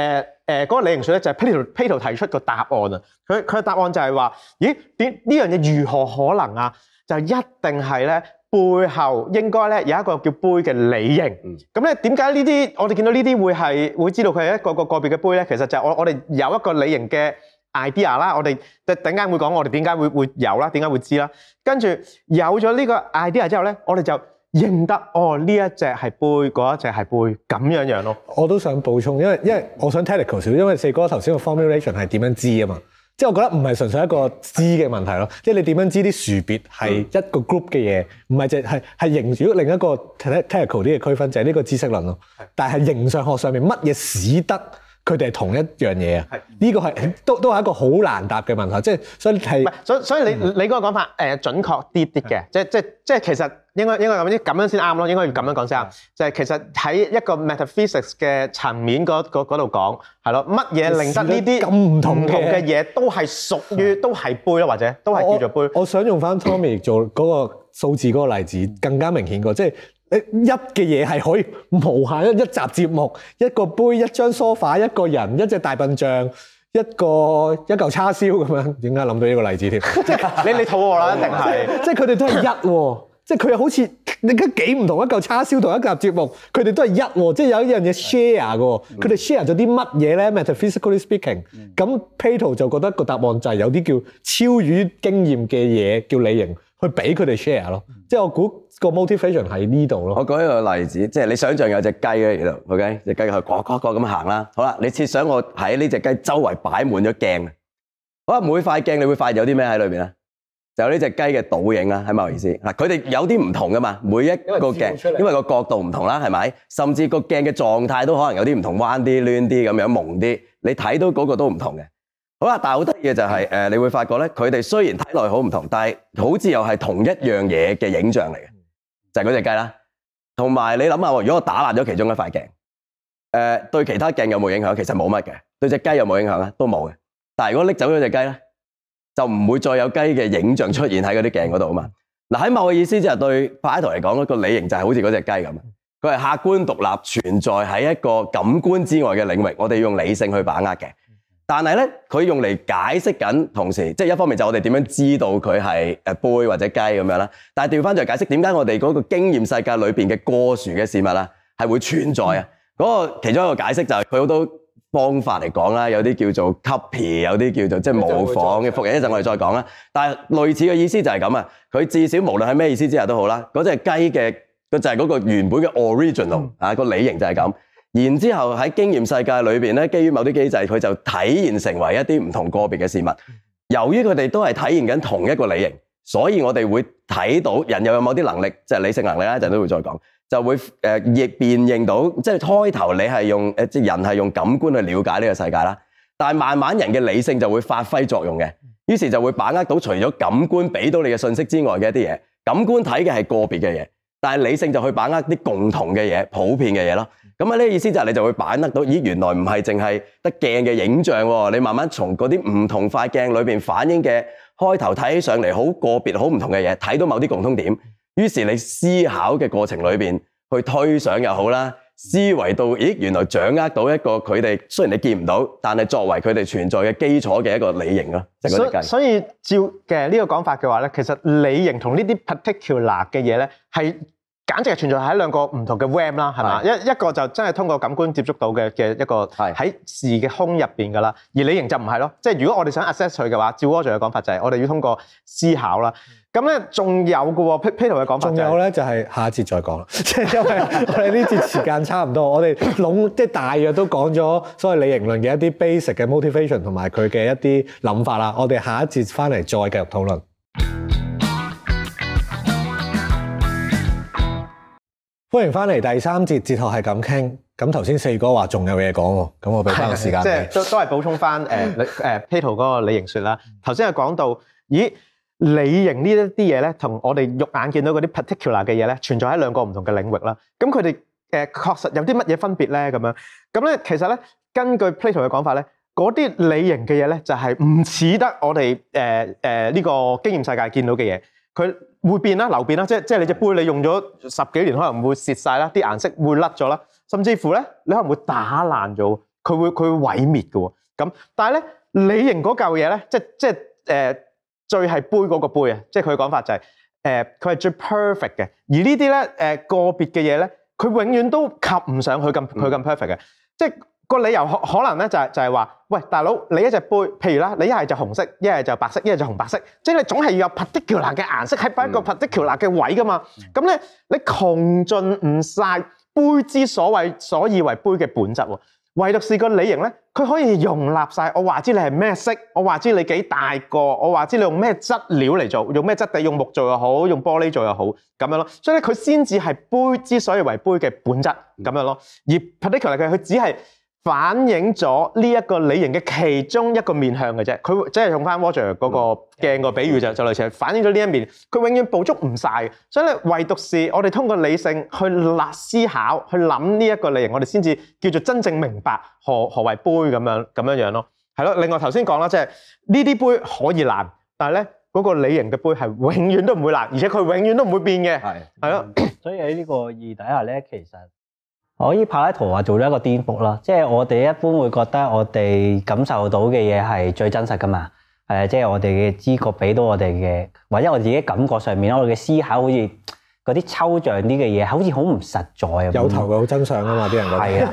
嗰個理型說咧，就係 Plato Plato 提出個答案啊。佢佢個答案就係話：咦？點呢樣嘢如何可能啊？就一定係咧。背後應該咧有一個叫杯嘅理型。咁咧點解呢啲我哋見到呢啲會係會知道佢係一個個個別嘅杯咧？其實就係我我哋有一個理型嘅 idea 啦。我哋等陣間會講我哋點解會會有啦，點解會知啦。跟住有咗呢個 idea 之後咧，我哋就認得哦，呢一隻係杯，嗰一隻係杯咁樣樣咯。我都想補充，因為因為我想 technical 少因為四哥頭先嘅 formulation 係點樣知嘅嘛？即係我覺得唔係純粹一個知嘅問題咯，嗯、即係你點樣知啲殊別係一個 group 嘅嘢，唔係、嗯、淨係係認。如果另一個 technical 啲嘅區分就係、是、呢個知識論咯，是的 但係形上學上面乜嘢使得？嗯嗯佢哋係同一樣嘢啊！呢是個係都都係一個好難答嘅問題，即、就、係、是、所以係，所以所以你、嗯、你嗰個講法誒準確啲啲嘅，即即即其實應該應該咁樣咁樣先啱咯，應該要咁樣講先啱。是就係其實喺一個 metaphysics 嘅層面嗰度講係咯，乜嘢令得呢啲咁唔同嘅嘢都係屬於、嗯、都係杯咯，或者都係叫做杯。我，我想用翻 Tommy 做嗰個數字嗰個例子， 更加明顯過即係。就係就係你一嘅嘢係可以無限，一集節目、一個杯、一張梳化一個人、一隻大笨象、一個一嚿叉燒咁樣，點解諗到呢個例子添？你你肚餓啦，一定係。即係佢哋都係一喎，即係佢又好似你而家幾唔同一嚿叉燒同一集節目，佢哋都係一喎。即係有一樣嘢 share 嘅，佢哋 share 咗啲乜嘢咧？Metaphysically speaking，咁 Plato 就覺得個答案就係有啲叫超於經驗嘅嘢叫理型。去俾佢哋 share 咯，即係我估個 motivation 係呢度咯。我舉一個例子，即係你想象有隻雞咧喺度，OK？隻雞去呱呱呱咁行啦。好啦，你設想我喺呢隻雞周圍擺滿咗鏡，好啦，每塊鏡你會發現有啲咩喺裏邊咧？就有呢隻雞嘅倒影啦，係咪意思？嗱、嗯，佢哋有啲唔同噶嘛，每一個鏡，因為個角度唔同啦，係咪？甚至個鏡嘅狀態都可能有啲唔同，彎啲、攣啲咁樣，朦啲。你睇到嗰個都唔同嘅。好啦，但係好得意嘅就係，誒，你會發覺咧，佢哋雖然睇落好唔同，但係好似又係同一樣嘢嘅影像嚟嘅，就係嗰隻雞啦。同埋你諗下，如果我打爛咗其中一塊鏡，誒，對其他鏡有冇影響？其實冇乜嘅，對隻雞有冇影響咧？都冇嘅。但係如果拎走咗隻雞咧，就唔會再有雞嘅影像出現喺嗰啲鏡嗰度啊嘛。嗱，喺某嘅意思，即係對柏拉圖嚟講咧，個理型就係好似嗰隻雞咁，佢係客觀獨立存在喺一個感官之外嘅領域，我哋要用理性去把握嘅。但係呢，佢用嚟解釋緊，同時即一方面就我哋點樣知道佢係杯或者雞咁樣啦。但係調翻轉嚟解釋點解我哋嗰個經驗世界裏面嘅個殊嘅事物呢係會存在啊？嗰、嗯、個其中一個解釋就係佢好多方法嚟講啦，有啲叫做 copy，有啲叫做即係模仿嘅複製。一陣我哋再講啦。但係類似嘅意思就係咁啊。佢至少無論係咩意思之下都好啦。嗰隻雞嘅，就係、是、嗰個原本嘅 original、嗯、啊，個理型就係咁。然之後喺經驗世界裏面，基於某啲機制，佢就體現成為一啲唔同個別嘅事物。由於佢哋都係體現緊同一個理型，所以我哋會睇到人又有某啲能力，即係理性能力啦。一陣都會再講，就會誒亦辨認到，即係開頭你係用即係人係用感官去了解呢個世界啦。但慢慢人嘅理性就會發揮作用嘅，於是就會把握到除咗感官俾到你嘅信息之外嘅一啲嘢。感官睇嘅係個別嘅嘢，但係理性就去把握啲共同嘅嘢、普遍嘅嘢咯。咁呢個意思就係你就會把握到，咦？原來唔係淨係得鏡嘅影像喎、哦。你慢慢從嗰啲唔同塊鏡裏面反映嘅，開頭睇起上嚟好個別、好唔同嘅嘢，睇到某啲共通點。於是你思考嘅過程裏面去推想又好啦，思維到咦？原來掌握到一個佢哋雖然你見唔到，但係作為佢哋存在嘅基礎嘅一個理型咯。就係、所以，照嘅呢個講法嘅話呢，其實理型同呢啲 particular 嘅嘢呢係。簡直係存在喺兩個唔同嘅 realm 啦，係嘛是？一一個就真係通過感官接觸到嘅嘅一個喺時嘅空入邊噶啦，而理型就唔係咯。即係如果我哋想 access 佢嘅話，照哥仲有講法就係我哋要通過思考啦。咁咧仲有嘅喎，Peter 嘅講法仲、就是、有咧就係、是、下一節再講啦。即係因為我哋呢節時間差唔多， 我哋攏即係大約都講咗所謂理型論嘅一啲 basic 嘅 motivation 同埋佢嘅一啲諗法啦。我哋下一節翻嚟再繼續討論。歡迎翻嚟第三節哲學係咁傾，咁頭先四哥話仲有嘢講，咁我俾翻個時間即係 都都係補充翻誒誒 Plato 嗰個理型說啦。頭先係講到，咦，理型呢一啲嘢咧，同我哋肉眼見到嗰啲 particular 嘅嘢咧，存在喺兩個唔同嘅領域啦。咁佢哋誒確實有啲乜嘢分別咧？咁樣咁咧，其實咧根據 Plato 嘅講法咧，嗰啲理型嘅嘢咧，就係唔似得我哋誒誒呢個經驗世界見到嘅嘢。佢會變啦，流變啦，即即係你隻杯，你用咗十幾年可能會蝕晒啦，啲顏色會甩咗啦，甚至乎咧，你可能會打爛咗，佢會佢會毀滅㗎喎。咁，但係咧，理型嗰嚿嘢咧，即即係誒、呃、最係杯嗰個杯啊，即係佢講法就係、是、誒，佢、呃、係最 perfect 嘅。而呢啲咧誒個別嘅嘢咧，佢永遠都及唔上佢咁佢咁 perfect 嘅，即係。個理由可可能咧就係、是、就係、是、話，喂，大佬，你一隻杯，譬如啦，你一係就紅色，一係就白色，一係就紅白色，即係你總係要有 particular 嘅顏色喺翻一個 particular 嘅位噶嘛。咁咧、嗯，你窮盡唔晒杯之所謂所以為杯嘅本質喎。唯獨是個理型咧，佢可以容納晒。我話知你係咩色，我話知你幾大個，我話知你用咩質料嚟做，用咩質地，用木做又好，用玻璃做又好咁樣咯。所以咧，佢先至係杯之所以為杯嘅本質咁樣咯。而 particular 嘅佢只係。反映咗呢一個理型嘅其中一個面向嘅啫，佢即係用翻 Roger 嗰個鏡個比喻就、嗯、就類似，反映咗呢一面，佢永遠捕捉唔晒嘅，所以咧，唯獨是我哋通過理性去立思考，去諗呢一個理型，我哋先至叫做真正明白何何為杯咁樣咁樣樣咯，係咯。另外頭先講啦，即係呢啲杯可以爛，但係咧嗰個理型嘅杯係永遠都唔會爛，而且佢永遠都唔會變嘅，係係咯。所以喺呢個意義底下咧，其實。我可以柏拉圖話做咗一個顛覆啦，即係我哋一般會覺得我哋感受到嘅嘢係最真實噶嘛，誒，即係我哋嘅知覺俾到我哋嘅，或者我自己感覺上面，我哋嘅思考好似嗰啲抽象啲嘅嘢，好似好唔實在啊，有頭有真相啊嘛，啲人係啊，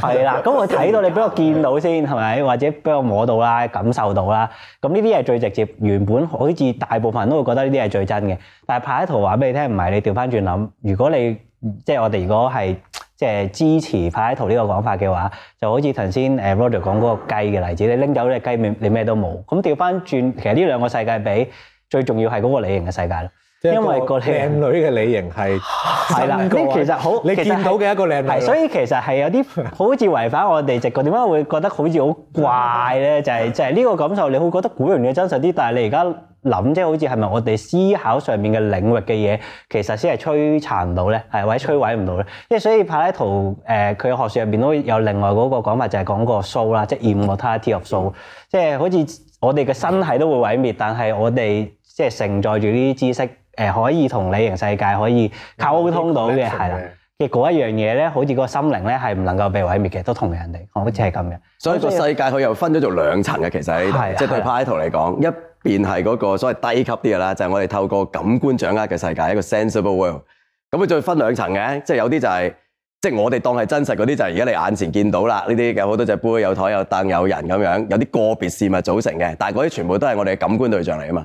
係啦、 啊，咁我睇到你俾 我見到先，係咪？或者俾我摸到啦，感受到啦，咁呢啲係最直接，原本好似大部分人都會覺得呢啲係最真嘅，但係柏拉圖話俾你聽唔係，你調翻轉諗，如果你即係我哋如果係。即係支持柏拉圖呢個講法嘅話，就好似頭先誒 Roger 講嗰個雞嘅例子，你拎走呢隻雞，你你咩都冇。咁調翻轉，其實呢兩個世界比，最重要係嗰個理型嘅世界咯。因為個靚女嘅理型係係啦，呢、啊、其實好你見到嘅一個靚女，係所以其實係有啲好似違反我哋直覺，點解會覺得好似好怪咧？就係、是、就係、是、呢個感受，你會覺得古人嘅真實啲，但係你而家諗即係好似係咪我哋思考上面嘅領域嘅嘢，其實先係摧殘到咧，或者摧毀唔到咧？即係所以柏拉圖誒，佢、呃、學術入邊都有另外嗰個講法，就係講個 soul 啦，即係 theory of soul，即係好似我哋嘅身體都會毀滅，但係我哋即係承載住呢啲知識。誒、呃、可以同理型世界可以溝通到嘅係啦，嘅嗰一樣嘢咧，好似個心靈咧係唔能夠被毀滅嘅，都同人哋，好似係咁嘅。所以個世界佢又分咗做兩層嘅，其實即係的對柏拉圖嚟講，的一邊係嗰個所謂低級啲嘅啦，就係、是、我哋透過感官掌握嘅世界，一個 sensible world。咁佢再分兩層嘅，即係有啲就係、是、即係我哋當係真實嗰啲，就係而家你眼前見到啦，呢啲嘅好多隻杯有台有凳有人咁樣，有啲個別事物組成嘅，但係嗰啲全部都係我哋嘅感官對象嚟啊嘛。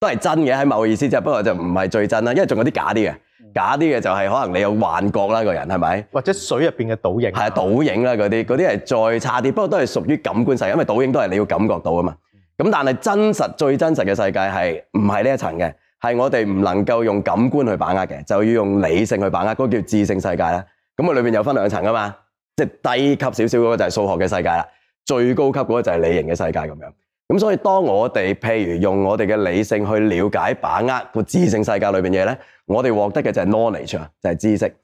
都係真嘅，喺某個意思之下，不過就唔係最真啦，因為仲有啲假啲嘅，假啲嘅就係可能你有幻覺啦，個人係咪？或者水入邊嘅倒影係啊，倒影啦，嗰啲嗰啲係再差啲，不過都係屬於感官世界，因為倒影都係你要感覺到啊嘛。咁但係真實最真實嘅世界係唔係呢一層嘅，係我哋唔能夠用感官去把握嘅，就要用理性去把握，嗰個叫智性世界啦。咁啊，裏面有分兩層噶嘛，即係低級少少嗰個就係數學嘅世界啦，最高級嗰個就係理型嘅世界咁樣。咁所以，當我哋譬如用我哋嘅理性去了解、把握個知性世界裏邊嘢咧，我哋獲得嘅就係 knowledge，就係知識。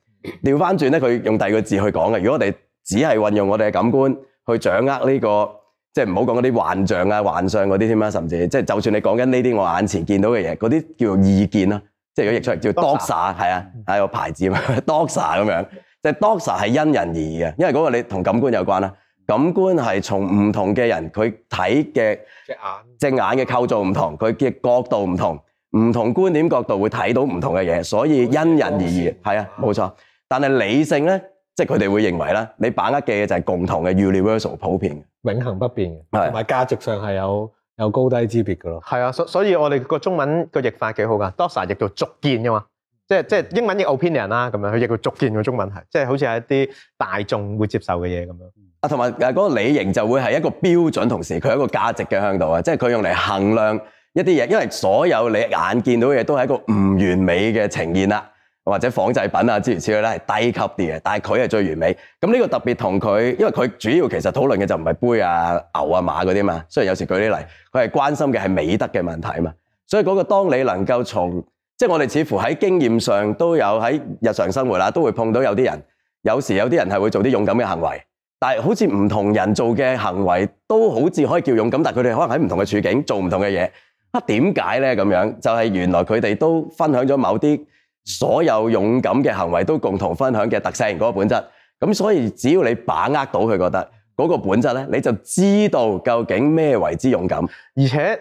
調返轉咧，佢用第二個字去講嘅。如果我哋只係運用我哋嘅感官去掌握呢、這個，即係唔好講嗰啲幻象啊、幻相嗰啲，甚至就算你講緊呢啲我眼前見到嘅嘢，嗰啲叫做意見啦，即係如果譯出嚟叫 doxa，do 係啊，係個、嗯啊、牌子咁樣 ，doxa 咁樣，即、就是、doxa 係因人而異嘅，因為嗰個你同感官有關感官係從唔同嘅人，佢睇嘅隻眼隻眼嘅構造唔同，佢嘅角度唔同，唔同觀點角度會睇到唔同嘅嘢，所以因人而異。係啊，冇錯。但係理性咧，即係佢哋會認為啦，你把握嘅嘢就係共同嘅 universal 普遍、永恆不變嘅，同埋價值上係有有高低之別嘅咯。係啊，所所以我哋個中文個譯法幾好㗎，doxa 譯做俗見㗎嘛，即係即係英文譯 opinion 啦，咁樣佢譯個俗見嘅中文係，即係好似係一啲大眾會接受嘅嘢咁樣。同埋誒嗰個理型就會係一個標準，同時佢係一個價值嘅向度啊，即係佢用嚟衡量一啲嘢，因為所有你眼見到嘅嘢都係一個唔完美嘅呈現啦，或者仿製品啊之如此類咧係低級啲嘅，但係佢係最完美。咁、這、呢個特別同佢，因為佢主要其實討論嘅就唔係杯啊、牛啊、馬嗰啲嘛。雖然有時舉啲例，佢係關心嘅係美德嘅問題嘛。所以嗰個當你能夠從，即係我哋似乎喺經驗上都有喺日常生活啦、啊，都會碰到有啲人，有時有啲人係會做啲勇敢嘅行為。但係好似唔同人做嘅行為都好似可以叫勇敢，但係佢哋可能喺唔同嘅處境做唔同嘅嘢。啊，點解呢？咁樣就係原來佢哋都分享咗某啲所有勇敢嘅行為都共同分享嘅特性，嗰個本質。咁所以只要你把握到佢覺得嗰個本質呢，你就知道究竟咩為之勇敢，而且。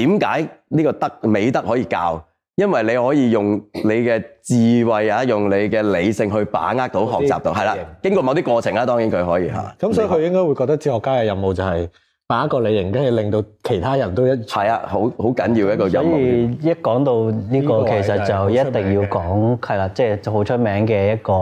點解呢個德美德可以教？因為你可以用你嘅智慧啊，用你嘅理性去把握到學習到，係啦。經過某啲過程啦，當然佢可以嚇。咁所以佢應該會覺得哲學家嘅任務就係把一個理型，跟住令到其他人都一。係啊，好好緊要一個任務。所以一講到呢個，其實就一定要講係啦，即係好出名嘅一個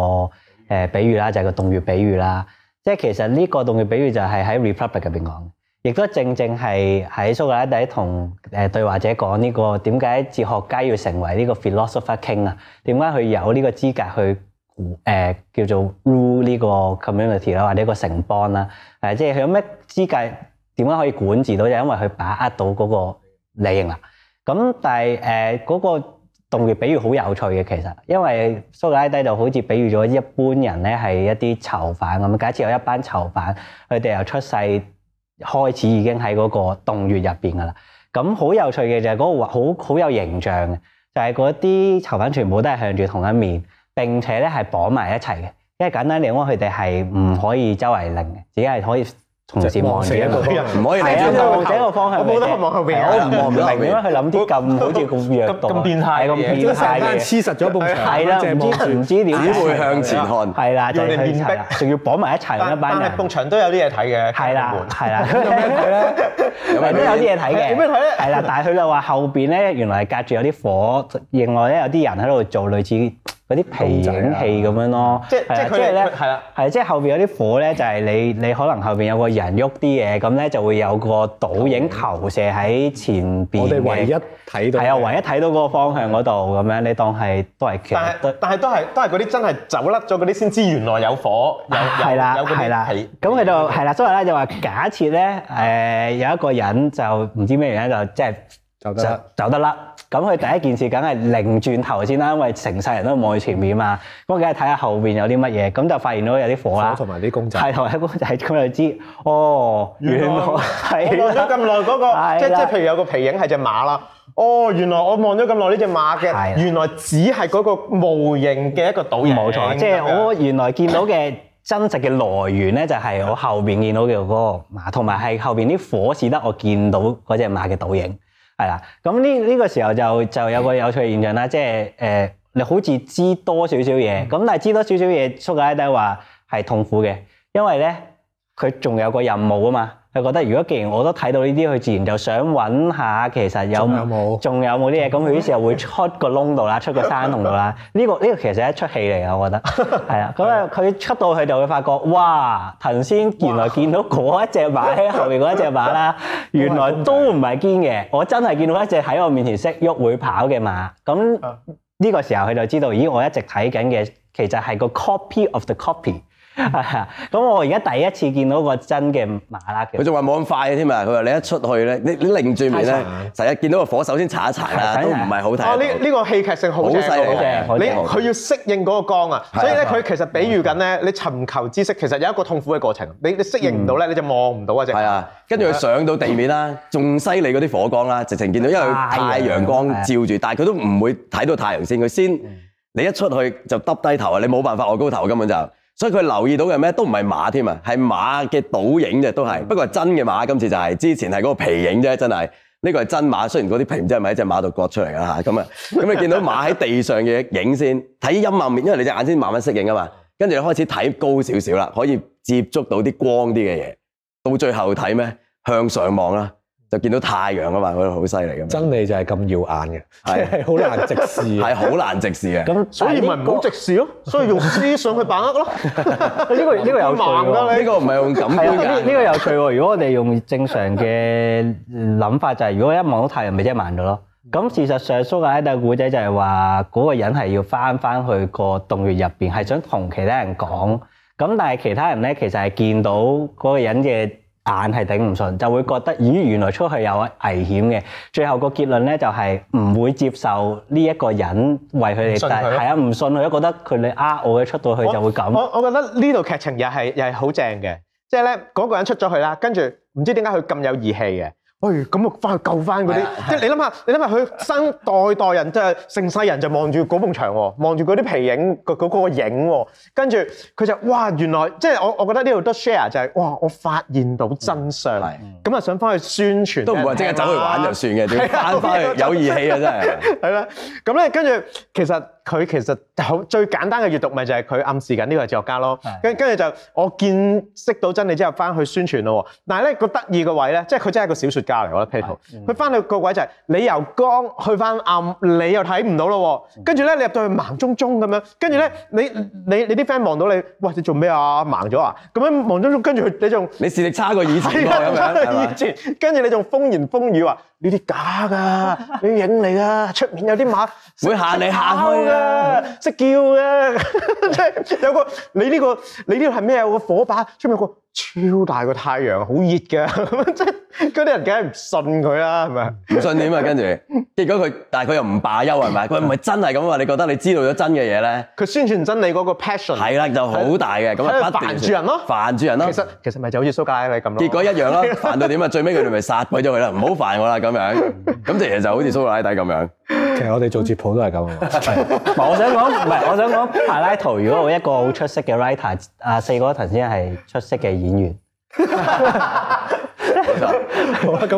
誒比喻啦，就係個洞穴比喻啦。即係其實呢個洞穴比喻就係喺 Republic 入邊講。亦都正正係喺蘇格拉底同誒對話者講呢個點解哲學家要成為呢個 philosopher king 啊？點解佢有呢個資格去誒、呃、叫做 rule 呢個 community 啦、啊，或者一個城邦啦、啊？誒、啊，即係佢有咩資格？點解可以管治到？就是、因為佢把握到嗰個理型啦、啊。咁、嗯、但係誒嗰個洞穴比喻好有趣嘅，其實因為蘇格拉底就好似比喻咗一般人咧係一啲囚犯咁。假設有一班囚犯，佢哋由出世開始已經喺嗰個洞穴入邊㗎啦，咁好有趣嘅就係嗰個好好有形象嘅，就係嗰啲囚犯全部都係向住同一面，並且咧係綁埋一齊嘅，因為簡單嚟講，佢哋係唔可以周圍擰嘅，自己係可以。同時望住一個，唔可以睇啊！望住一個方向，我冇得去望後邊，我唔望唔明點解佢諗啲咁好似咁虐待咁變態、咁變態嘅，成黐實咗埲牆，係啦，唔知唔知點，只會向前看，係啦，淨係面壁，仲要綁埋一齊，一班人。但係埲牆都有啲嘢睇嘅，係啦，係啦，有咩睇咧？有啲有啲嘢睇嘅，有咩睇咧？係啦，但係佢就話後邊咧，原來係隔住有啲火，另外咧有啲人喺度做類似。嗰啲皮影戲咁樣咯，即係即係咧，係啦，係即係後邊有啲火咧，就係、係、你你可能後邊有個人喐啲嘢，咁咧就會有個倒影投射喺前邊嘅，我哋唯一睇到係啊，唯一睇到嗰個方向嗰度咁樣，你當係都係其實，但係但係都係都係嗰啲真係走甩咗嗰啲先知原來有火，有有咁樣係啦，咁佢就係啦，所以咧就話假設咧，誒、呃、有一個人就唔知咩原因就即係。就得，走得啦。咁佢第一件事梗係擰轉頭先啦，因為成世人都望佢前面嘛。咁佢睇下後邊有啲乜嘢，咁就發現到有啲火啦，火同埋啲公仔。係同埋啲公仔，咁就知哦。原來係望咗咁耐嗰個，了即係即係，譬如有個皮影係隻馬啦。哦，原來我望咗咁耐呢隻馬嘅，了原來只係嗰個模型嘅一個倒影冇錯。即係、就是、我原來見到嘅真實嘅來源咧，就係我後邊見到嘅嗰個馬，同埋係後邊啲火使得我見到嗰隻馬嘅倒影。係啦，咁呢呢個時候就，就有個有趣嘅現象啦，即係、呃、你好似知多少少嘢，咁但係知多少少嘢，蘇格拉底話係痛苦嘅，因為呢，佢仲有個任務啊嘛。佢覺得如果既然我都睇到呢啲，佢自然就想揾下其實有冇，仲有冇啲嘢，咁佢於是又會出個窿度啦，出個山洞度啦。呢、 呢個呢、呢個其實係一出戲嚟嘅，我覺得係啦。咁啊， 佢出到去就會發覺，哇！頭先原來見到嗰一隻馬喺後面嗰一隻馬啦， 原來都唔係堅嘅。我真係見到一隻喺我面前識喐會跑嘅馬。咁呢個時候佢就知道，咦！我一直睇緊嘅其實係個 copy of the copy。係，咁我而家第一次見到個真嘅馬勒嘅。佢仲話冇咁快嘅添啊！佢話你一出去咧，你你擰轉面咧，實一見到個火首先查一查啦，都唔係好睇。呢呢個戲劇性好犀利嘅，你佢要適應嗰個光啊。所以咧，佢其實比喻緊咧，你尋求知識其實有一個痛苦嘅過程。你你適應唔到咧，你就望唔到啊！即係。啊，跟住佢上到地面啦，仲犀利嗰啲火光啦，直情見到，因為佢太陽光照住，但係佢都唔會睇到太陽先，佢先。你一出去就耷低頭啊！你冇辦法我高頭，根本就。所以佢留意到嘅咩都唔係馬添啊，係馬嘅倒影啫，都係。不過係真嘅馬，今次就係、是、之前係嗰個皮影啫，真係呢個係真馬。雖然嗰啲皮唔知係咪喺隻馬度割出嚟噶啊咁 你見到馬喺地上嘅影先，睇陰暗面，因為你隻眼先慢慢適應啊嘛。跟住你開始睇高少少啦，可以接觸到啲光啲嘅嘢。到最後睇咩？向上望啦。就見到太陽啊嘛，覺得好犀利咁。真理就係咁耀眼嘅，係好是難直視，係好難直視嘅。咁所以咪唔好直視咯，所以用思想去把握咯。呢、 這個呢個有呢個唔係用感官呢個有趣喎，如果我哋用正常嘅諗法就係、是，如果一望到太陽咪即係盲咗咯。咁、就是、 事實上蘇格拉底嘅古仔就係話，嗰、那個人係要返返去個洞穴入邊，係想同其他人講。咁但係其他人咧，其實係見到嗰個人嘅。硬係頂唔順，就會覺得咦，原來出去有危險嘅。最後個結論呢，就係唔會接受呢一個人為佢哋帶，係啊，唔信我都覺得佢你呃我嘅，出到去就會咁。我我覺得呢度劇情又係又係好正嘅，即係咧，嗰個人出咗去啦，跟住唔知點解佢咁有義氣嘅。喂，咁、哎、啊，翻去救翻嗰啲，即係你諗下，你諗下佢生代代人，即係成世人就望住嗰埲牆，望住嗰啲皮影，個嗰嗰個影、啊，跟住佢就哇，原來即係我，我覺得呢度都 share 就係、是、哇，我發現到真相，咁啊、嗯嗯、想翻去宣傳，都唔會話即刻走去玩就算嘅，啱翻、啊、去有義氣啊，啊真係，係啦、 啊，咁咧跟住其實。佢其實最簡單嘅閲讀咪就係佢暗示緊呢個係哲學家咯，跟跟住就我見識到真理之後返去宣傳咯。但係咧、嗰個得意嘅位咧，即係佢真係個小說家嚟，我覺得。Peter，佢返到個位就係、是、你由光去返暗，你又睇唔到咯。跟住咧，你入到去盲中中咁樣，跟住咧，你你你啲 friend 望到你，喂，你做咩啊？盲咗啊？咁樣盲中中，跟住你仲你視力差過以前個，差過以前，跟住吧你仲風言風語話。呢啲假噶， 這些影嚟噶，出面有啲馬你走會行嚟行去噶，識叫噶，有個你呢、呢個你呢個係咩，有個火把出面有個。超大個太陽，好熱㗎，即係嗰啲人梗係唔信佢啦，係咪？唔信點啊？跟住結果佢，但係佢又唔罷休係咪？佢唔係真係咁啊！你覺得你知道咗真嘅嘢咧？佢宣傳真理嗰個 passion 係啦，就好大嘅咁啊！煩住人咯，煩住人咯。其實其實咪就好似蘇格拉底咁，結果一樣咯，煩到點啊？最尾佢哋咪殺鬼咗佢啦！唔好 煩我啦咁樣，咁其實就好似蘇格拉底咁樣。其實我哋做節譜都係咁啊，唔係，我想講，唔係我想講柏拉圖，如果我一個好出色嘅 writer，阿四哥頭先係出色嘅演員，咁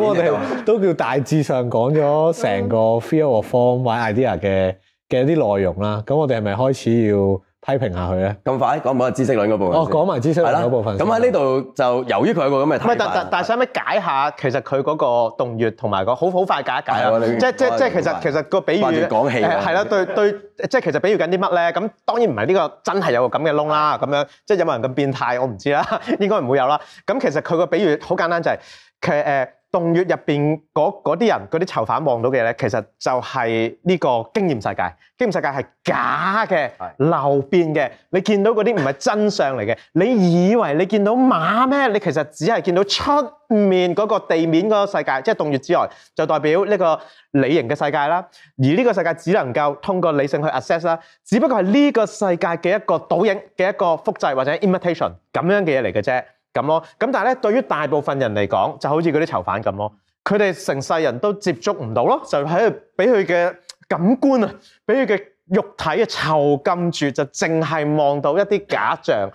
我哋都叫大致上講咗成個 feel or form or idea 嘅嘅啲內容啦。咁我哋係咪開始要？批評下佢咧，咁快講埋知識論嗰部分哦，講埋知識論嗰部分。咁喺呢度就由於佢有個咁嘅，唔係，但但但使唔使解下？其實佢嗰個洞穴同埋個好好快解一解啊！即即即其實其實個比喻講起，係啦，對對，即其實比喻緊啲乜咧？咁當然唔係呢個真係有個咁嘅窿啦，咁樣即有冇人咁變態，我唔知啦，應該唔會有啦。咁其實佢個比喻好簡單，就係佢誒。洞穴入面嗰啲人嗰啲囚犯望到嘅咧，其實就係呢個經驗世界。經驗世界係假嘅、流變嘅。你見到嗰啲唔係真相嚟嘅。你以為你見到馬咩？你其實只係見到出面嗰個地面嗰個世界，即係洞穴之外，就代表呢個理型嘅世界啦。而呢個世界只能夠通過理性去 assess 啦。只不過係呢個世界嘅一個倒影嘅一個複製或者 imitation 咁樣嘅嘢嚟嘅啫。咁咯，咁但係咧，對於大部分人嚟講，就好似嗰啲囚犯咁咯，佢哋成世人都接觸唔到咯，就喺俾佢嘅感官，俾佢嘅肉體嘅囚禁住，就淨係望到一啲假象，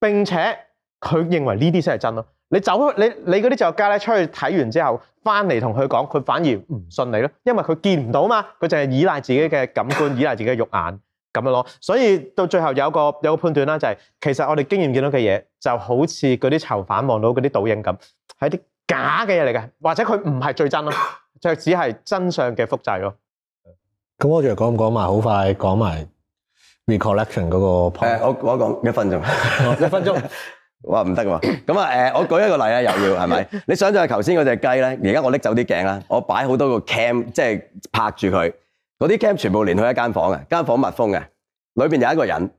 並且佢認為呢啲先係真咯。你走，你你嗰啲哲學家咧出去睇完之後，翻嚟同佢講，佢反而唔信你咯，因為佢見唔到嘛，佢就係依賴自己嘅感官，依賴自己嘅肉眼。咁樣咯，所以到最後有個有個判斷啦，就係其實我哋經驗見到嘅嘢，就好似嗰啲囚犯望到嗰啲倒影咁，係啲假嘅嘢嚟嘅，或者佢唔係最真咯，就只係真相嘅複製咯。咁我仲講唔講埋？好快講埋 recollection 嗰個 part。誒，我我講一分鐘，一分鐘。我話唔得㗎嘛。咁啊，誒，我舉一個例啊，又要係咪？你想象下頭先嗰隻雞咧，而家我拎走啲鏡啦，我擺好多個 cam，即係拍住佢。嗰啲 cam 全部連去一間房嘅，間房密封嘅，裏面有一個人，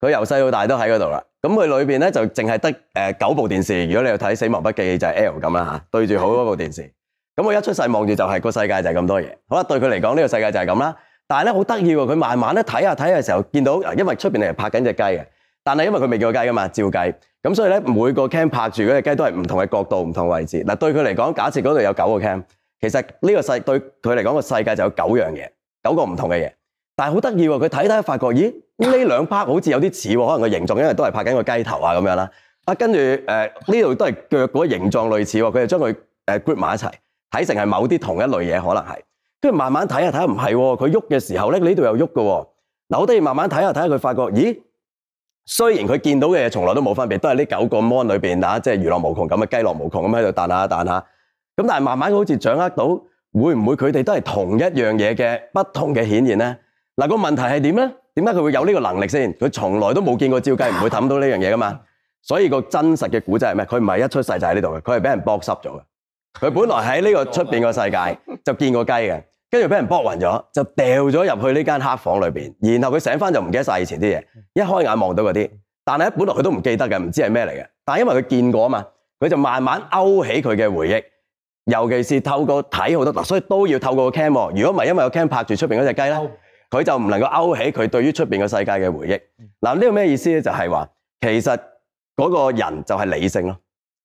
佢由細到大都喺嗰度啦。咁佢裏面咧就淨係得九部電視，如果你要睇《死亡筆記》就係、是、L 咁啦吓，對住好嗰部電視。咁 我一出、就是、世望住就係、個世界就係咁多嘢。好啦，對佢嚟講呢個世界就係咁啦。但係呢，好得意，佢慢慢咧睇下睇下嘅時候見到，因為出邊係拍緊隻雞嘅，但係因為佢未叫雞噶嘛，照計咁所以咧每個 cam 拍住嗰隻雞都係唔同嘅角度、唔同位置。嗱，對佢嚟講，假設嗰度有九個 cam，其實呢個世對佢嚟講個世界就有九樣嘢。九個唔同嘅嘢，但係好得意喎！佢睇睇發覺，咦呢兩 part 好似有啲似、哦，可能個形狀因為都係拍緊個雞頭啊咁樣啦、啊。啊，跟住誒呢度都係腳嗰個形狀類似、哦，佢就將佢誒 group 埋一齊，睇成係某啲同一類嘢可能係。跟住慢慢睇下睇下唔係，佢喐嘅時候咧呢度又喐噶。嗱、哦，好得意，慢慢睇下睇下佢發覺，咦雖然佢見到嘅嘢從來都冇分別，都係呢九個 mon 裏邊，打、呃、即係娛樂無窮咁嘅雞樂無窮咁喺度彈下彈下彈下。咁但係慢慢好似掌握到。會唔會佢哋都係同一樣嘢嘅不同嘅顯現呢？嗱、啊、個問題係點咧？點解佢會有呢個能力先？佢從來都冇見過照雞唔會抌到呢樣嘢噶嘛？所以個真實嘅古仔係咩？佢唔係一出世就喺呢度嘅，佢係俾人剝濕咗嘅。佢本來喺呢個出邊個世界就見過雞嘅，跟住俾人剝暈咗，就掉咗入去呢間黑房裏面。然後佢醒翻就唔記得晒以前啲嘢，一開眼望到嗰啲，但係本來佢都唔記得嘅，唔知係咩嚟嘅。但係因為佢見過嘛，佢就慢慢勾起佢嘅回憶。尤其是透過睇好多，嗱，所以都要透過個 cam。如果唔係，因為個 cam 拍住出邊嗰隻雞咧，佢、嗯、就唔能夠勾起佢對於出邊個世界嘅回憶。嗱、嗯，呢個咩意思呢？就係、是、話，其實嗰個人就係理性咯。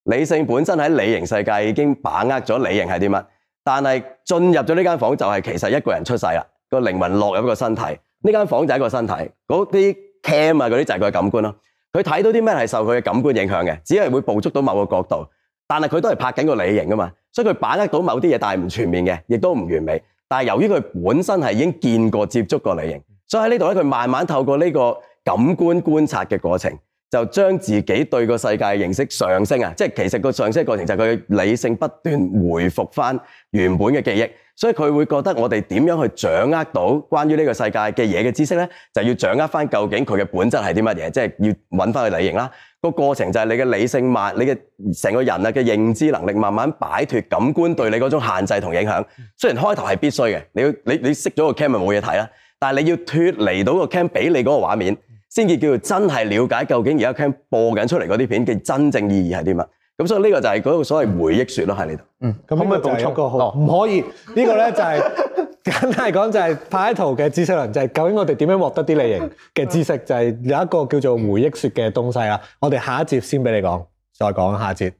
理性本身喺理型世界已經把握咗理型係啲乜，但係進入咗呢間房就係其實一個人出世啦，個靈魂落入一個身體，呢間房就係一個身體，嗰啲 cam 啊，嗰啲就係佢嘅感官咯。佢睇到啲咩係受佢嘅感官影響嘅，只係會捕捉到某個角度，但係佢都係拍緊個理型噶嘛。所以佢把握到某啲嘢，但係唔全面嘅，亦都唔完美。但係由於佢本身係已經見過、接觸過理型，所以喺呢度咧，佢慢慢透過呢個感官觀察嘅過程，就將自己對個世界嘅認識上升啊！即係其實個上升的過程就係佢理性不斷回復翻原本嘅記憶，所以佢會覺得我哋點樣去掌握到關於呢個世界嘅嘢嘅知識咧，就要掌握翻究竟佢嘅本質係啲乜嘢，即係要搵翻佢理型啦。個過程就係你嘅理性慢，你嘅成個人啊嘅認知能力慢慢擺脫感官對你嗰種限制同影響。雖然開頭係必須嘅，你要你你識咗個 cam 咪冇嘢睇啦。但係你要脫離到個 cam 俾你嗰個畫面，先至叫做真係了解究竟而家 cam 播緊出嚟嗰啲片嘅，真正意義係啲乜。咁所以呢個就係嗰個所謂回憶說咯喺呢度。嗯，嗯咁可唔可以加速個好？唔、哦、可以， 個呢個咧就係、是。 簡單嚟講，就係柏拉圖嘅知識量，就係究竟我哋點樣獲得啲理型嘅知識，就係、是、有一個叫做回憶説嘅東西啦。我哋下一節先俾你講，再講下一節。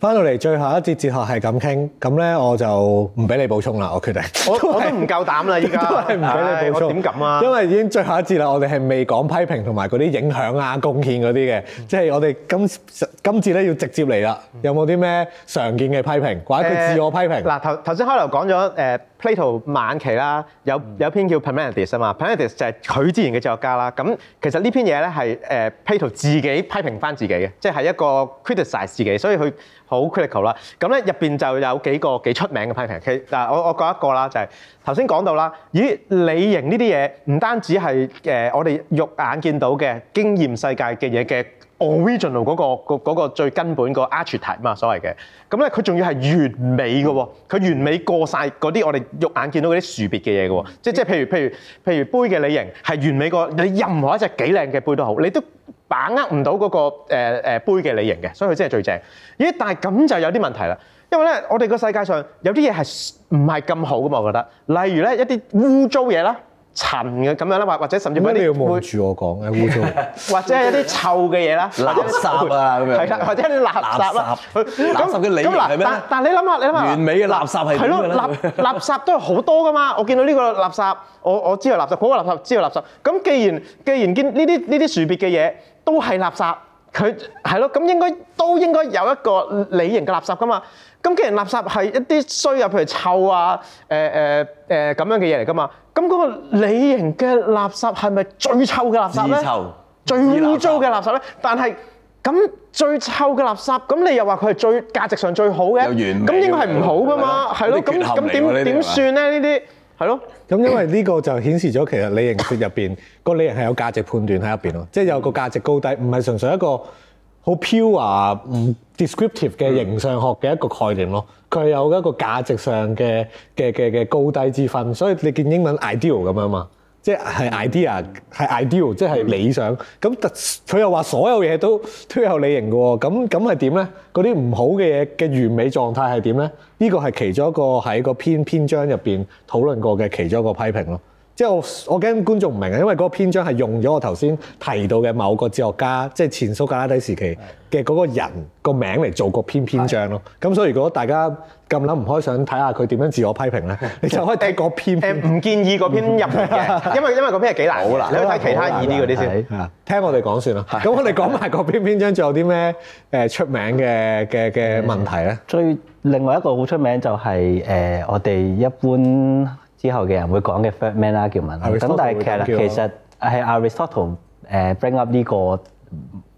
翻 到嚟最後一節哲學係咁傾，咁咧我就唔俾你補充啦。我決定，我我都唔夠膽啦依家，都係唔俾你補充。我點敢啊？因為已經最後一節啦，我哋係未講批評同埋嗰啲影響啊、貢獻嗰啲嘅，即係 我哋今。今次咧要直接嚟啦，有冇啲咩常見嘅批評，或者佢自我批評？嗱，頭頭先開頭講咗誒，Plato 晚期啦，有有篇叫 Parmenides 啊嘛，Parmenides 就係佢之前嘅作家啦。咁其實呢篇嘢咧係誒 Plato 自己批評翻自己嘅，即係一個 criticise 自己，所以佢好 critical 啦。咁咧入邊就有幾個幾出名嘅批評，佢，嗱我我講一個啦，就係頭先講到啦，咦理型呢啲嘢唔單止係誒我哋肉眼見到嘅經驗世界嘅嘢嘅。original，嗰、嗰個嗰個最根本個 archetype 嘛，所謂嘅，咁咧佢仲要係完美嘅喎，佢完美過晒嗰啲我哋肉眼見到嗰啲殊別嘅嘢嘅喎，即即譬如譬如譬如杯嘅理型係完美過你任何一隻幾靚嘅杯都好，你都把握唔到嗰個誒、呃呃、杯嘅理型嘅，所以佢真係最正。咦？但係咁就有啲問題啦，因為咧我哋個世界上有啲嘢係唔係咁好嘅嘛，我覺得，例如咧一啲污糟嘢啦。塵嘅咁樣啦，或或者甚至係你啲住我講係污糟，會 或者係一啲臭嘅嘢啦，垃圾啊咁樣，係啦，或者啲垃圾啦，垃圾嘅理型係咩？但係你諗下，你諗下，完美嘅垃圾係點樣？垃垃圾都係好多噶嘛！我見到呢個垃圾，我我知道垃圾，嗰個垃圾知道垃圾。咁既然既然呢呢啲呢啲樹別嘅嘢都係垃圾，佢係咯，咁應該都應該有一個理型嘅垃圾噶嘛？咁既然垃圾係一啲衰入去臭啊，誒誒誒咁樣嘅嘢嚟噶嘛？咁嗰個理型嘅垃圾係咪最臭嘅垃圾咧？最污糟嘅垃圾咧？但係咁最臭嘅垃圾，咁你又話佢係最價值上最好嘅，咁應該係唔好噶嘛？係咯、啊？咁咁點點算咧？呢啲係咯？咁、啊、因為呢個就顯示咗其實理型說入邊個理型係有價值判斷喺入邊咯，即、就、係、是、有個價值高低，唔係純粹一個。好 pure 唔 descriptive 嘅形上學嘅一個概念咯，佢係有一個價值上嘅嘅嘅嘅高低之分，所以你見英文 ideal 咁樣嘛，即係 idea 係、嗯、ideal，即係理想。咁佢又話所有嘢都推有理型嘅喎，咁咁係點咧？嗰啲唔好嘅嘢嘅完美狀態係點咧？呢個係其中一個喺個篇篇章入邊討論過嘅其中一個批評咯。即係我，我驚觀眾唔明啊，因為嗰個篇章係用咗我頭先提到嘅某個哲學家，即係前蘇格拉底時期嘅嗰個人個名嚟做個篇篇章咯。咁所以如果大家咁諗唔開，想睇下佢點樣自我批評咧，你就可以睇嗰篇。誒唔建議嗰篇入嚟嘅，因為因為嗰篇係幾難。好啦，你去睇其他易啲嗰啲先。係啊，聽我哋講算啦。咁我哋講埋個篇篇章仲有啲咩誒出名嘅嘅嘅問題咧？最另外一個好出名就係誒我哋一般。之後嘅人會講嘅 third man argument 啦，咁但係其實 其實係 Aristotle 誒 bring up 呢個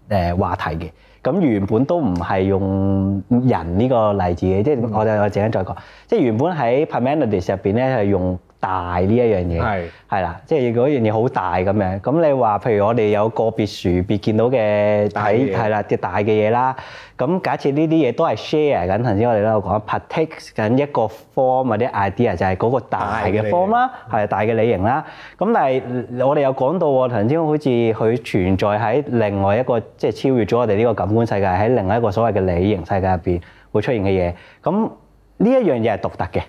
誒話題嘅，咁原本都唔係用人呢個例子嘅，即係我哋我陣間再講，即係原本喺 Parmenides 入邊咧係用。大呢一樣嘢係係啦，即係如果一樣嘢好大咁樣。咁你話，譬如我哋有個別殊別見到嘅體係啦，啲大嘅嘢啦。咁假設呢啲嘢都係 share 緊，頭先我哋都有講 partake 緊一個 form 或者 idea，就係嗰個大嘅 form 啦，係大嘅理型啦。咁但係我哋有講到喎，頭先好似佢存在喺另外一個，即係超越咗我哋呢個感官世界，喺另外一個所謂嘅理型世界入邊會出現嘅嘢。咁呢一樣嘢係獨特嘅。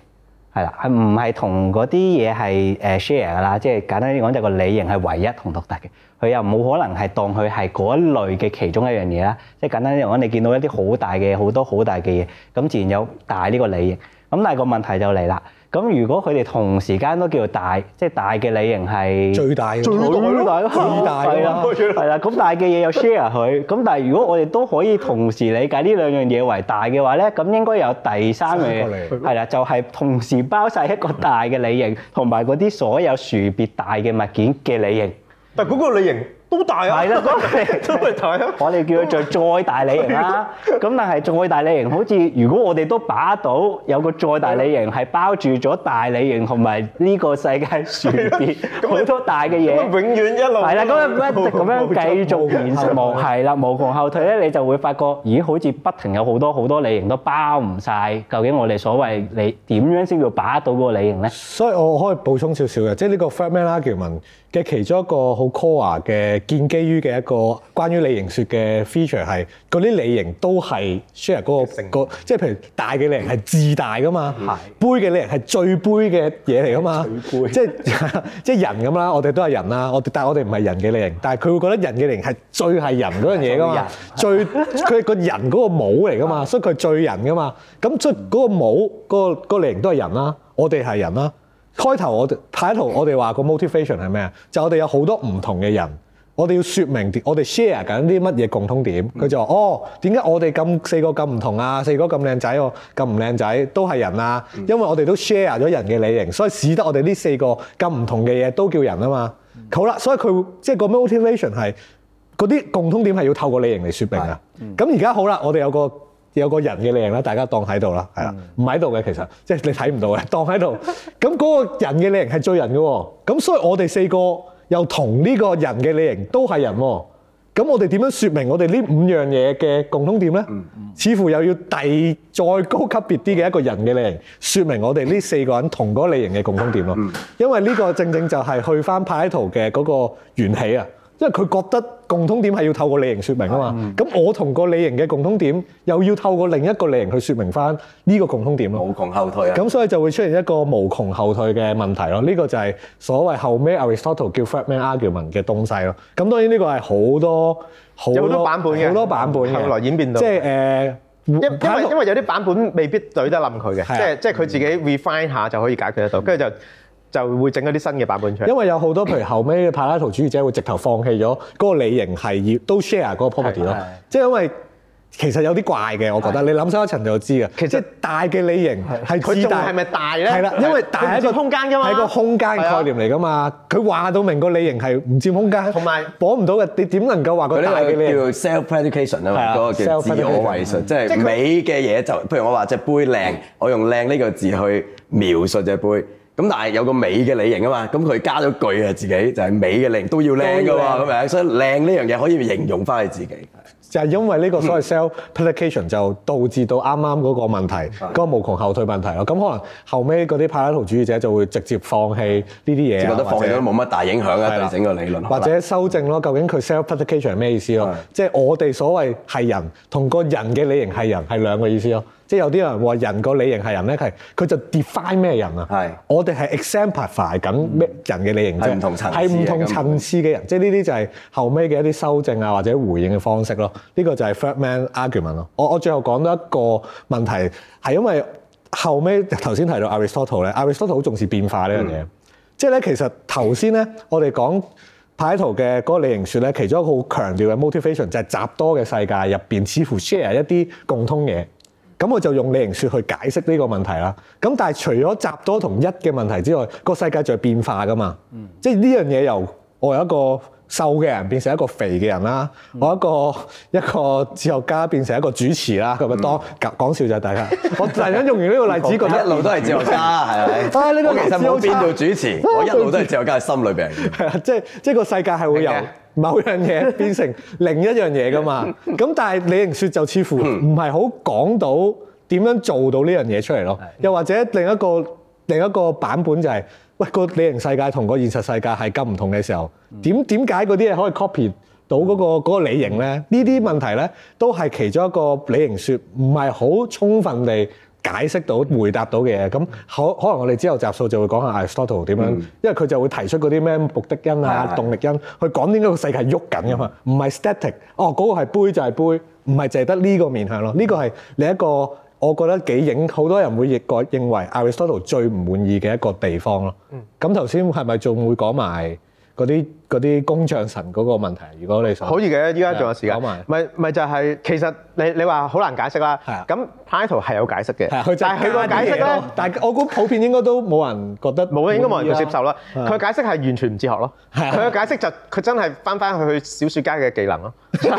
係啦，係唔係同嗰啲嘢係誒 share 㗎啦？即係簡單啲講，就個理型係唯一同獨特嘅，佢又冇可能係當佢係嗰一類嘅其中一樣嘢啦。即係簡單啲講，你見到一啲好大嘅好多好大嘅嘢，咁自然有大呢個理型。咁但係個問題就嚟啦。咁如果佢哋同時間都叫做大，即係大嘅理型係最大，最大最大係啦，係啦，咁大嘅嘢又 share 佢。咁但係如果我哋都可以同時理解呢兩樣嘢為大嘅話咧，咁應該有第三樣嘢，係啦，就係同時包晒一個大嘅理型，同埋嗰啲所有殊別大嘅物件嘅理型。但嗰個理型，都大啊！係啦，咁你都咪大啊！我哋叫佢做再大理型啦。咁但係再大理型，好似如果我哋都把握到有個再大理型係包住咗大理型同埋呢個世界全別好多大嘅嘢，永遠一路係啦，咁樣一直咁樣繼續演進，無係啦，無窮後退咧，你就會發覺，咦？好似不停有好多好多理型都包唔晒。究竟我哋所謂你點樣先叫把握到嗰個理型咧？所以我可以補充少少嘅，即係呢個 third man argument 問，嘅其中一個好 core 嘅建基於嘅一個關於理型說嘅 feature 係，嗰啲理型都係 share 嗰、嗰個個，即係譬如，如大嘅理型係至大噶嘛，對 杯嘅理型係最杯嘅嘢嚟噶嘛，最即係 即係人咁啦，我哋都係人啦，我但係我哋唔係人嘅理型，但係佢會覺得人嘅理型係最係人嗰樣嘢噶嘛，最佢係 個人嗰個帽嚟噶嘛，所以佢最人噶嘛，咁出嗰個帽嗰、嗰個理型、嗰個、都係人啦，我哋係人啦。開頭我哋睇圖，我哋話個 motivation 係咩啊？就是、我哋有好多唔同嘅人，我哋要説明，我哋 share 緊啲乜嘢共通點。佢、嗯、就話：哦，點解我哋咁四個咁唔同啊？四個咁靚仔，咁唔靚仔，都係人啊！因為我哋都 share 咗人嘅理型，所以使得我哋呢四個咁唔同嘅嘢都叫人啊嘛。好啦，所以佢即係個 motivation 係嗰啲共通點係要透過理型嚟説明啊。咁而家好啦，我哋有個。有個人嘅理型啦，大家當喺度啦，係啦，唔喺度嘅其實，即係你睇唔到嘅，當喺度。咁嗰個人嘅理型係最人嘅喎，咁所以我哋四個又同呢個人嘅理型都係人喎。咁我哋點樣説明我哋呢五樣嘢嘅共通點咧？似乎又要第再高級別啲嘅一個人嘅理型，説明我哋呢四個人同嗰理型嘅共通點咯。因為呢個正正就係去翻柏拉圖嘅嗰個源起啊。因為佢覺得共通點係要透過理型說明啊嘛，咁我同個理型嘅共通點又要透過另一個理型去說明翻呢個共通點咯，無窮後退啊！咁所以就會出現一個無窮後退嘅問題咯，呢個就係所謂後尾 Aristotle 叫 Third Man Argument 嘅東西咯。咁當然呢個係好多好多版本嘅，好多版本後來演變到即係誒，因為因為有啲版本未必懟得冧佢嘅，即係即係佢自己 refine 下就可以解決得到，跟住就，就會整一啲新嘅版本出嚟，因為有好多譬如後尾嘅柏拉圖主義者會直頭放棄咗嗰個理型係要都 share 嗰個 property 咯，即係因為其實有啲怪嘅，我覺得你諗深一層就知嘅。其實大嘅理型係佢仲係咪大咧？係啦，因為大係一個空間㗎嘛，係個空間概念嚟㗎嘛。佢話到明個理型係唔佔空間，同埋綁唔到嘅，你點能夠話佢大嘅叫 self-predication 啊嘛？嗰個叫自我為術，即係美嘅嘢就譬如我話隻杯靚，我用靚呢個字去描述隻杯。咁但係有個美嘅理型啊嘛，咁佢加咗句啊，自己就係美嘅理型都要靚㗎喎，咁樣所以靚呢樣嘢可以形容翻佢自己。就係因為呢個所謂 self predication 就導致到啱啱嗰個問題，嗰個無窮後退問題咯。咁可能後尾嗰啲柏拉圖主義者就會直接放棄呢啲嘢啊，覺得放棄都冇乜大影響啊，對整個理論或者修正咯，究竟佢 self predication 係咩意思咯？即係我哋所謂係人同個人嘅理型係人係兩個意思咯。即係有啲人話人個理型係人咧，佢佢就 define 咩人啊？係是我哋係 exemplify 緊咩、嗯、人嘅理型啫，係唔同層次嘅人。這樣 即係呢啲就係後尾嘅一啲修正啊，或者回應嘅方式咯。呢、這個就係 third man argument 咯。我我最後講到一個問題，係因為後尾頭先提到 Aristotle 咧，Aristotle 好重視變化、嗯、呢樣嘢。即係咧，其實頭先咧，我哋講柏拉圖嘅嗰個理型說咧，其中一個好強調嘅 motivation 就係雜多嘅世界入邊，似乎 share 一啲共通嘢。咁我就用理型說去解釋呢個問題啦。咁但係除咗集多同一嘅問題之外，個世界就係變化噶嘛。即係呢樣嘢由我由一個瘦嘅人變成一個肥嘅人啦，嗯、我一個一個哲學家變成一個主持啦，咁咪、嗯、當講笑就係大家。嗯、我突然間用完呢個例子， 覺得 一路都係哲學家，係咪、 啊？我其實唔好變做主持，主持我一路都係哲學家，係心理病。 啊、即係即係個世界係會有。某樣嘢變成另一樣嘢㗎嘛？咁 但係理型說就似乎唔係好講到點樣做到呢樣嘢出嚟咯。 又或者另一個另一個版本就係、是：喂，個理型世界同個現實世界係咁唔同嘅時候，點點解嗰啲嘢可以 copy 到嗰、那個嗰理型咧？ 呢啲問題咧都係其中一個理型說唔係好充分地。解釋到回答到嘅嘢。咁可可能我哋之後集數就會講下 Aristotle 點樣，因為佢就會提出嗰啲咩目的因啊動力因，去講點解個世界喐緊嘅嘛，唔係 static。哦，嗰個係杯就係杯，唔係淨係得呢個面向咯。呢個係另一個我覺得幾影好多人會認覺認為 Aristotle 最唔滿意嘅一個地方咯。咁頭先係咪仲會講埋？嗰啲啲工匠神嗰個問題，如果你想，可以嘅，依家仲有時間，咪咪就係、是、其實你你話好難解釋啦。咁柏拉圖係有解釋嘅、就是，但係佢個解釋咧，但係我估普遍應該都冇人覺得，冇應該冇人接受啦。佢的解釋係完全唔接學咯，佢嘅的解釋就佢真係翻翻去去小說家嘅技能咯， 就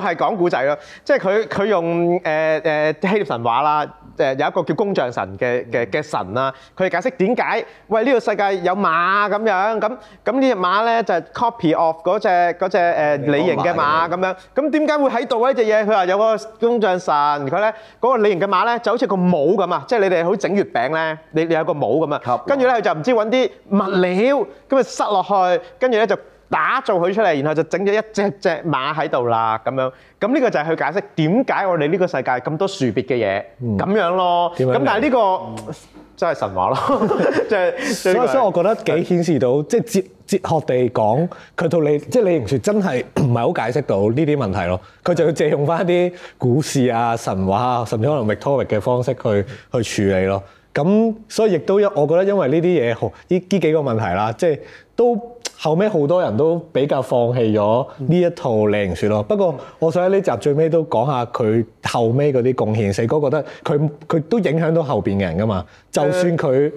係講古仔咯，即係佢佢用誒誒、呃呃、希臘神話啦。誒有一個叫工匠神嘅嘅嘅神啊，佢哋解釋點解，喂呢個世界有馬咁樣，咁咁呢隻馬咧就係 copy of 嗰隻隻誒理型嘅馬咁樣。咁點解會喺度呢隻嘢？佢話有個工匠神，佢咧嗰個理型嘅馬咧就好似個帽咁啊，即係你哋好整月餅咧，你你有個帽咁啊。跟住咧佢就唔知揾啲物料咁啊塞落去，跟住咧就。打造佢出嚟，然後就整咗一隻隻馬喺度啦，咁樣，咁呢個就係去解釋點解我哋呢個世界咁多殊別嘅嘢咁樣咯。咁但係呢個真係神話咯，即係。所以所以，我覺得幾顯示到，即係哲哲學地講，佢同你即係你理型說，真係唔係好解釋到呢啲問題咯。佢就要借用翻啲故事啊、神話啊，甚至可能域托域嘅方式去去處理咯。咁所以亦都因我覺得，因為呢啲嘢，呢呢幾個問題啦，即係都。後尾好多人都比較放棄咗呢一套理型說，嗯，咯。不過我想喺呢集最尾都講下佢後尾嗰啲貢獻。四哥覺得佢佢都影響到後邊嘅人噶嘛。就算佢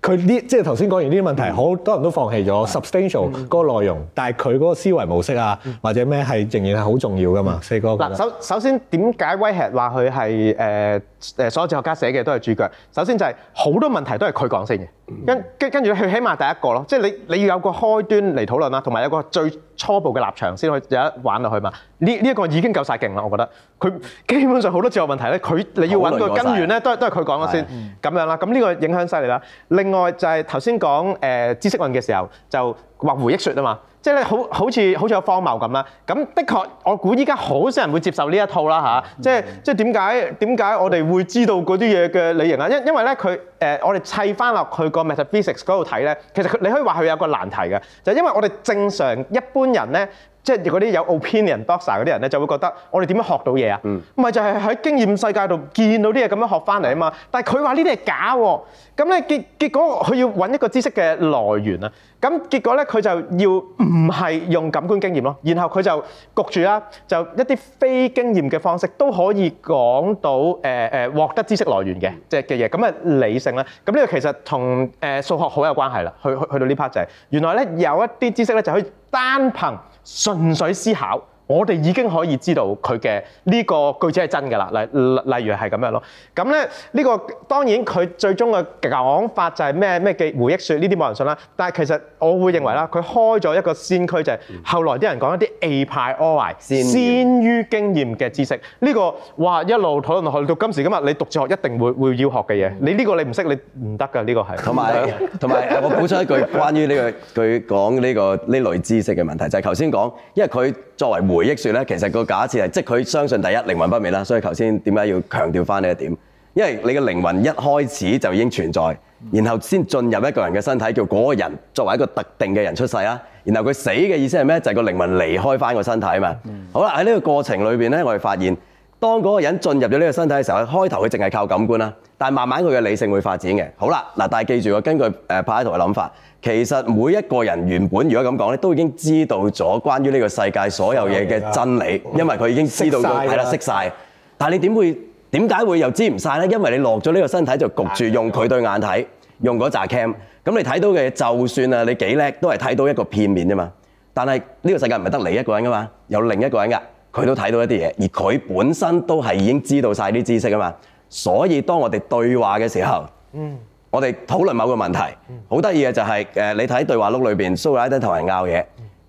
佢呢即係頭先講完呢啲問題，好，嗯，多人都放棄咗 substantial 嗰個內容，嗯，但係佢嗰個思維模式啊，嗯，或者咩係仍然係好重要噶嘛。嗯，四哥嗱首首先點解威脅話佢係誒？呃誒所有哲學家寫嘅都係註腳。首先就係好多問題都係佢講先嘅，跟跟跟住佢起碼第一個咯，即係你你要有個開端嚟討論啦，同埋有個最初步嘅立場先可以有得玩落去嘛。呢呢一個已經夠曬勁啦，我覺得。佢基本上好多哲學問題咧，佢你要揾個根源咧，都係都係佢講咗先咁樣啦。咁呢個影響犀利啦。另外就係頭先講誒知識論嘅時候，就話回憶説啊嘛。即係咧，好好似好似有荒謬咁啦。咁的確，我估依家好少人會接受呢一套啦嚇、啊嗯。即係即係點解點解我哋會知道嗰啲嘢嘅理型？啊？因為因為咧，佢、呃、誒我哋砌翻落去個 metaphysics 嗰度睇咧，其實佢你可以話佢有個難題嘅，就係、因為我哋正常一般人咧。即係嗰啲有 opinion doctor 嗰啲人咧，就會覺得我哋點、啊嗯、樣學到嘢啊？唔係就係喺經驗世界度見到啲嘢咁樣學翻嚟啊嘛。但係佢話呢啲係假喎，咁咧結結果佢要揾一個知識嘅來源啊。咁、嗯、結果咧佢就要唔係用感官經驗咯，然後佢就焗住啦，就一啲非經驗嘅方式都可以講到誒誒獲得知識來源嘅即係嘅嘢。咁啊、嗯嗯、理性啦。咁、嗯、呢、這個其實同誒數學好有關係啦。去去去到呢 part 就係、是、原來咧有一啲知識咧就可以單憑。純粹思考。我哋已經可以知道佢嘅呢個句子係真㗎啦，例例如係咁樣咯。咁咧呢、這個當然佢最終嘅講法就係咩咩嘅回憶説呢啲冇人信啦。但係其實我會認為啦，佢開咗一個先驅，就係、是、後來啲人講一啲 a priori 先於經驗嘅知識。呢、這個哇一路討論落去到今時今日，你讀哲學一定會會要學嘅嘢、嗯。你呢、這個你唔識你唔得㗎，呢個係同埋同埋我補出一句關於呢、這個佢講呢個呢類知識嘅問題，就係頭先講，因為佢作為回回憶說咧，其實個假設係，即佢相信第一靈魂不滅啦，所以頭先點解要強調翻呢一點？因為你嘅靈魂一開始就已經存在，然後先進入一個人嘅身體，叫嗰個人作為一個特定嘅人出世啊。然後佢死嘅意思係咩？就係、是、個靈魂離開翻個身體啊嘛。嗯、好啦，喺呢個過程裏邊咧，我哋發現。當嗰個人進入咗呢個身體嘅時候，佢開頭佢淨係靠感官啦，但係慢慢佢嘅理性會發展嘅。好啦，嗱，但係記住喎，根據誒柏拉圖嘅諗法，其實每一個人原本如果咁講咧，都已經知道咗關於呢個世界所有嘢嘅真理，因為佢已經知道曬係啦，識晒。但係你點會點解會又知唔晒呢？因為你落咗呢個身體就焗住用佢對眼睇，用嗰扎 cam，咁你睇到嘅就算啊，你幾叻都係睇到一個片面啫嘛。但係呢個世界唔係得你一個人噶嘛，有另一個人㗎。佢都睇到一啲嘢，而佢本身都係已經知道晒啲知識啊嘛，所以當我哋對話嘅時候，嗯，嗯我哋討論某個問題，好得意嘅就係、是、誒、呃，你睇對話錄裏邊蘇格拉底同人拗嘢。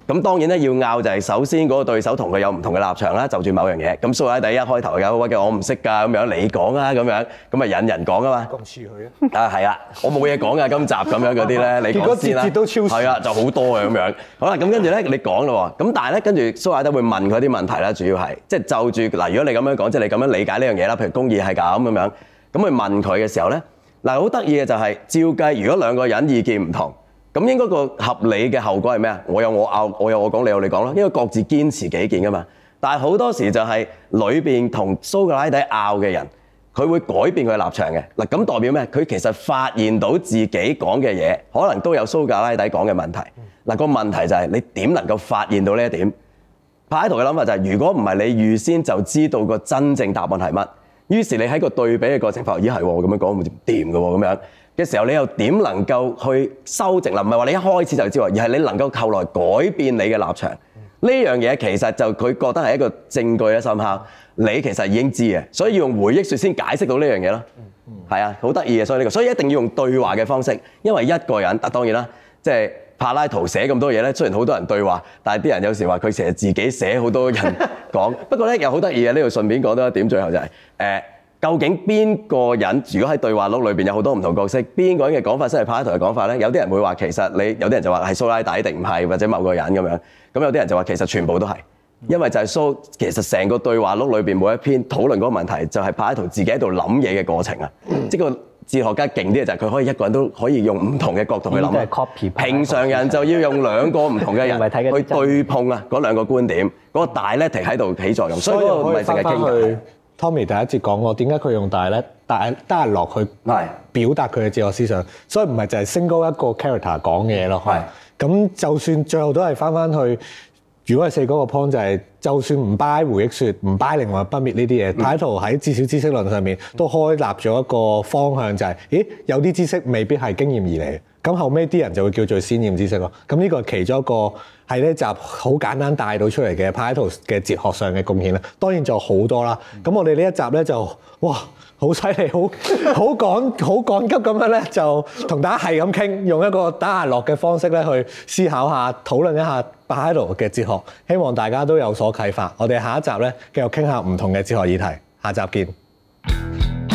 咁當然咧，要拗就係首先嗰、那個對手同佢有唔同嘅立場啦，就住某樣嘢。咁蘇格拉底一開頭有屈嘅，我唔識㗎咁樣，你講啊咁樣，咁啊引人講啊嘛。講似佢啊。啊係啊，我冇嘢講㗎，今集咁樣嗰啲咧， 你講先啦。節節都超時、嗯，係啊，就好多嘅咁樣。好啦，咁跟住咧你講咯喎，咁但係咧跟住蘇格拉底會問佢啲問題啦，主要係即係就住、是、嗱，如果你咁樣講，即、就、係、是、你咁樣理解呢樣嘢啦，譬如公義係咁咁樣，咁去問佢嘅時候咧，嗱，好得意嘅就係照計，如果兩個人意見唔同。咁應該個合理嘅後果係咩啊？我有我拗，我有我講，你有你講啦，因為各自堅持己見噶嘛。但係好多時就係裏邊同蘇格拉底拗嘅人，佢會改變佢立場嘅。嗱，咁代表咩？佢其實發現到自己講嘅嘢，可能都有蘇格拉底講嘅問題。嗱、那，個問題就係、是、你點能夠發現到呢一點？柏拉圖嘅諗法就係、是，如果唔係你預先就知道個真正答案係乜，於是你喺個對比嘅過程發現，咦係喎，我咁樣講唔掂嘅喎，咁樣，樣嘅時候，你又點能夠去修正？唔係話你一開始就知道，而係你能夠後來改變你嘅立場。呢、嗯、樣嘢其實就佢覺得係一個證據啦，深刻。你其實已經知嘅，所以要用回憶説先解釋到呢樣嘢咯。係、嗯嗯、啊，好得意嘅，所以呢、這個，所以一定要用對話嘅方式，因為一個人、啊、當然啦，即、就、係、是、柏拉圖寫咁多嘢咧。雖然好多人對話，但係啲人有時話佢成日自己寫好多人講。 不過呢，又好得意嘅，呢度順便講多一點。最後就係、是呃究竟邊個人？如果喺對話錄裏邊有好多唔同角色，邊個人嘅講法先係柏拉圖嘅講法咧？有啲人會話其實你，有啲人就話係蘇拉底定唔係，或者某個人咁樣。咁有啲人就話其實全部都係，因為就係蘇，其實成個對話錄裏邊每一篇討論嗰個問題，就係柏拉圖自己喺度諗嘢嘅過程啊。嗯、即個哲學家勁啲嘅就係佢可以一個人都可以用唔同嘅角度去諗。係 copy。平常人就要用兩個唔同嘅人 去對碰啊，嗰兩個觀點，嗰 個 dialectic 喺度起作用。所以唔係淨係傾偈。Tommy 第一次講過，點解佢用大咧大丹尼洛去表達佢嘅哲學思想，的所以唔係就係升高一個 character 講嘢咯。係咁的，就算最後都係返返去，如果係四個 point 就係、是，就算唔 by 回憶說，唔 by 靈魂不滅呢啲嘢，嗯、泰圖喺至少知識論上面都開立咗一個方向，就係、是，咦，有啲知識未必係經驗而嚟。咁後尾啲人就會叫做先驗知識咯。咁呢個係其中一個係呢集好簡單帶到出嚟嘅 p 柏拉圖嘅哲學上嘅貢獻啦。當然就好多啦。咁我哋呢一集咧就哇好犀利，好好趕好趕急咁樣咧，就同大家係咁傾，用一個打下落嘅方式咧去思考下、討論一下柏拉圖嘅哲學，希望大家都有所啟發。我哋下一集咧繼續傾下唔同嘅哲學議題，下一集見。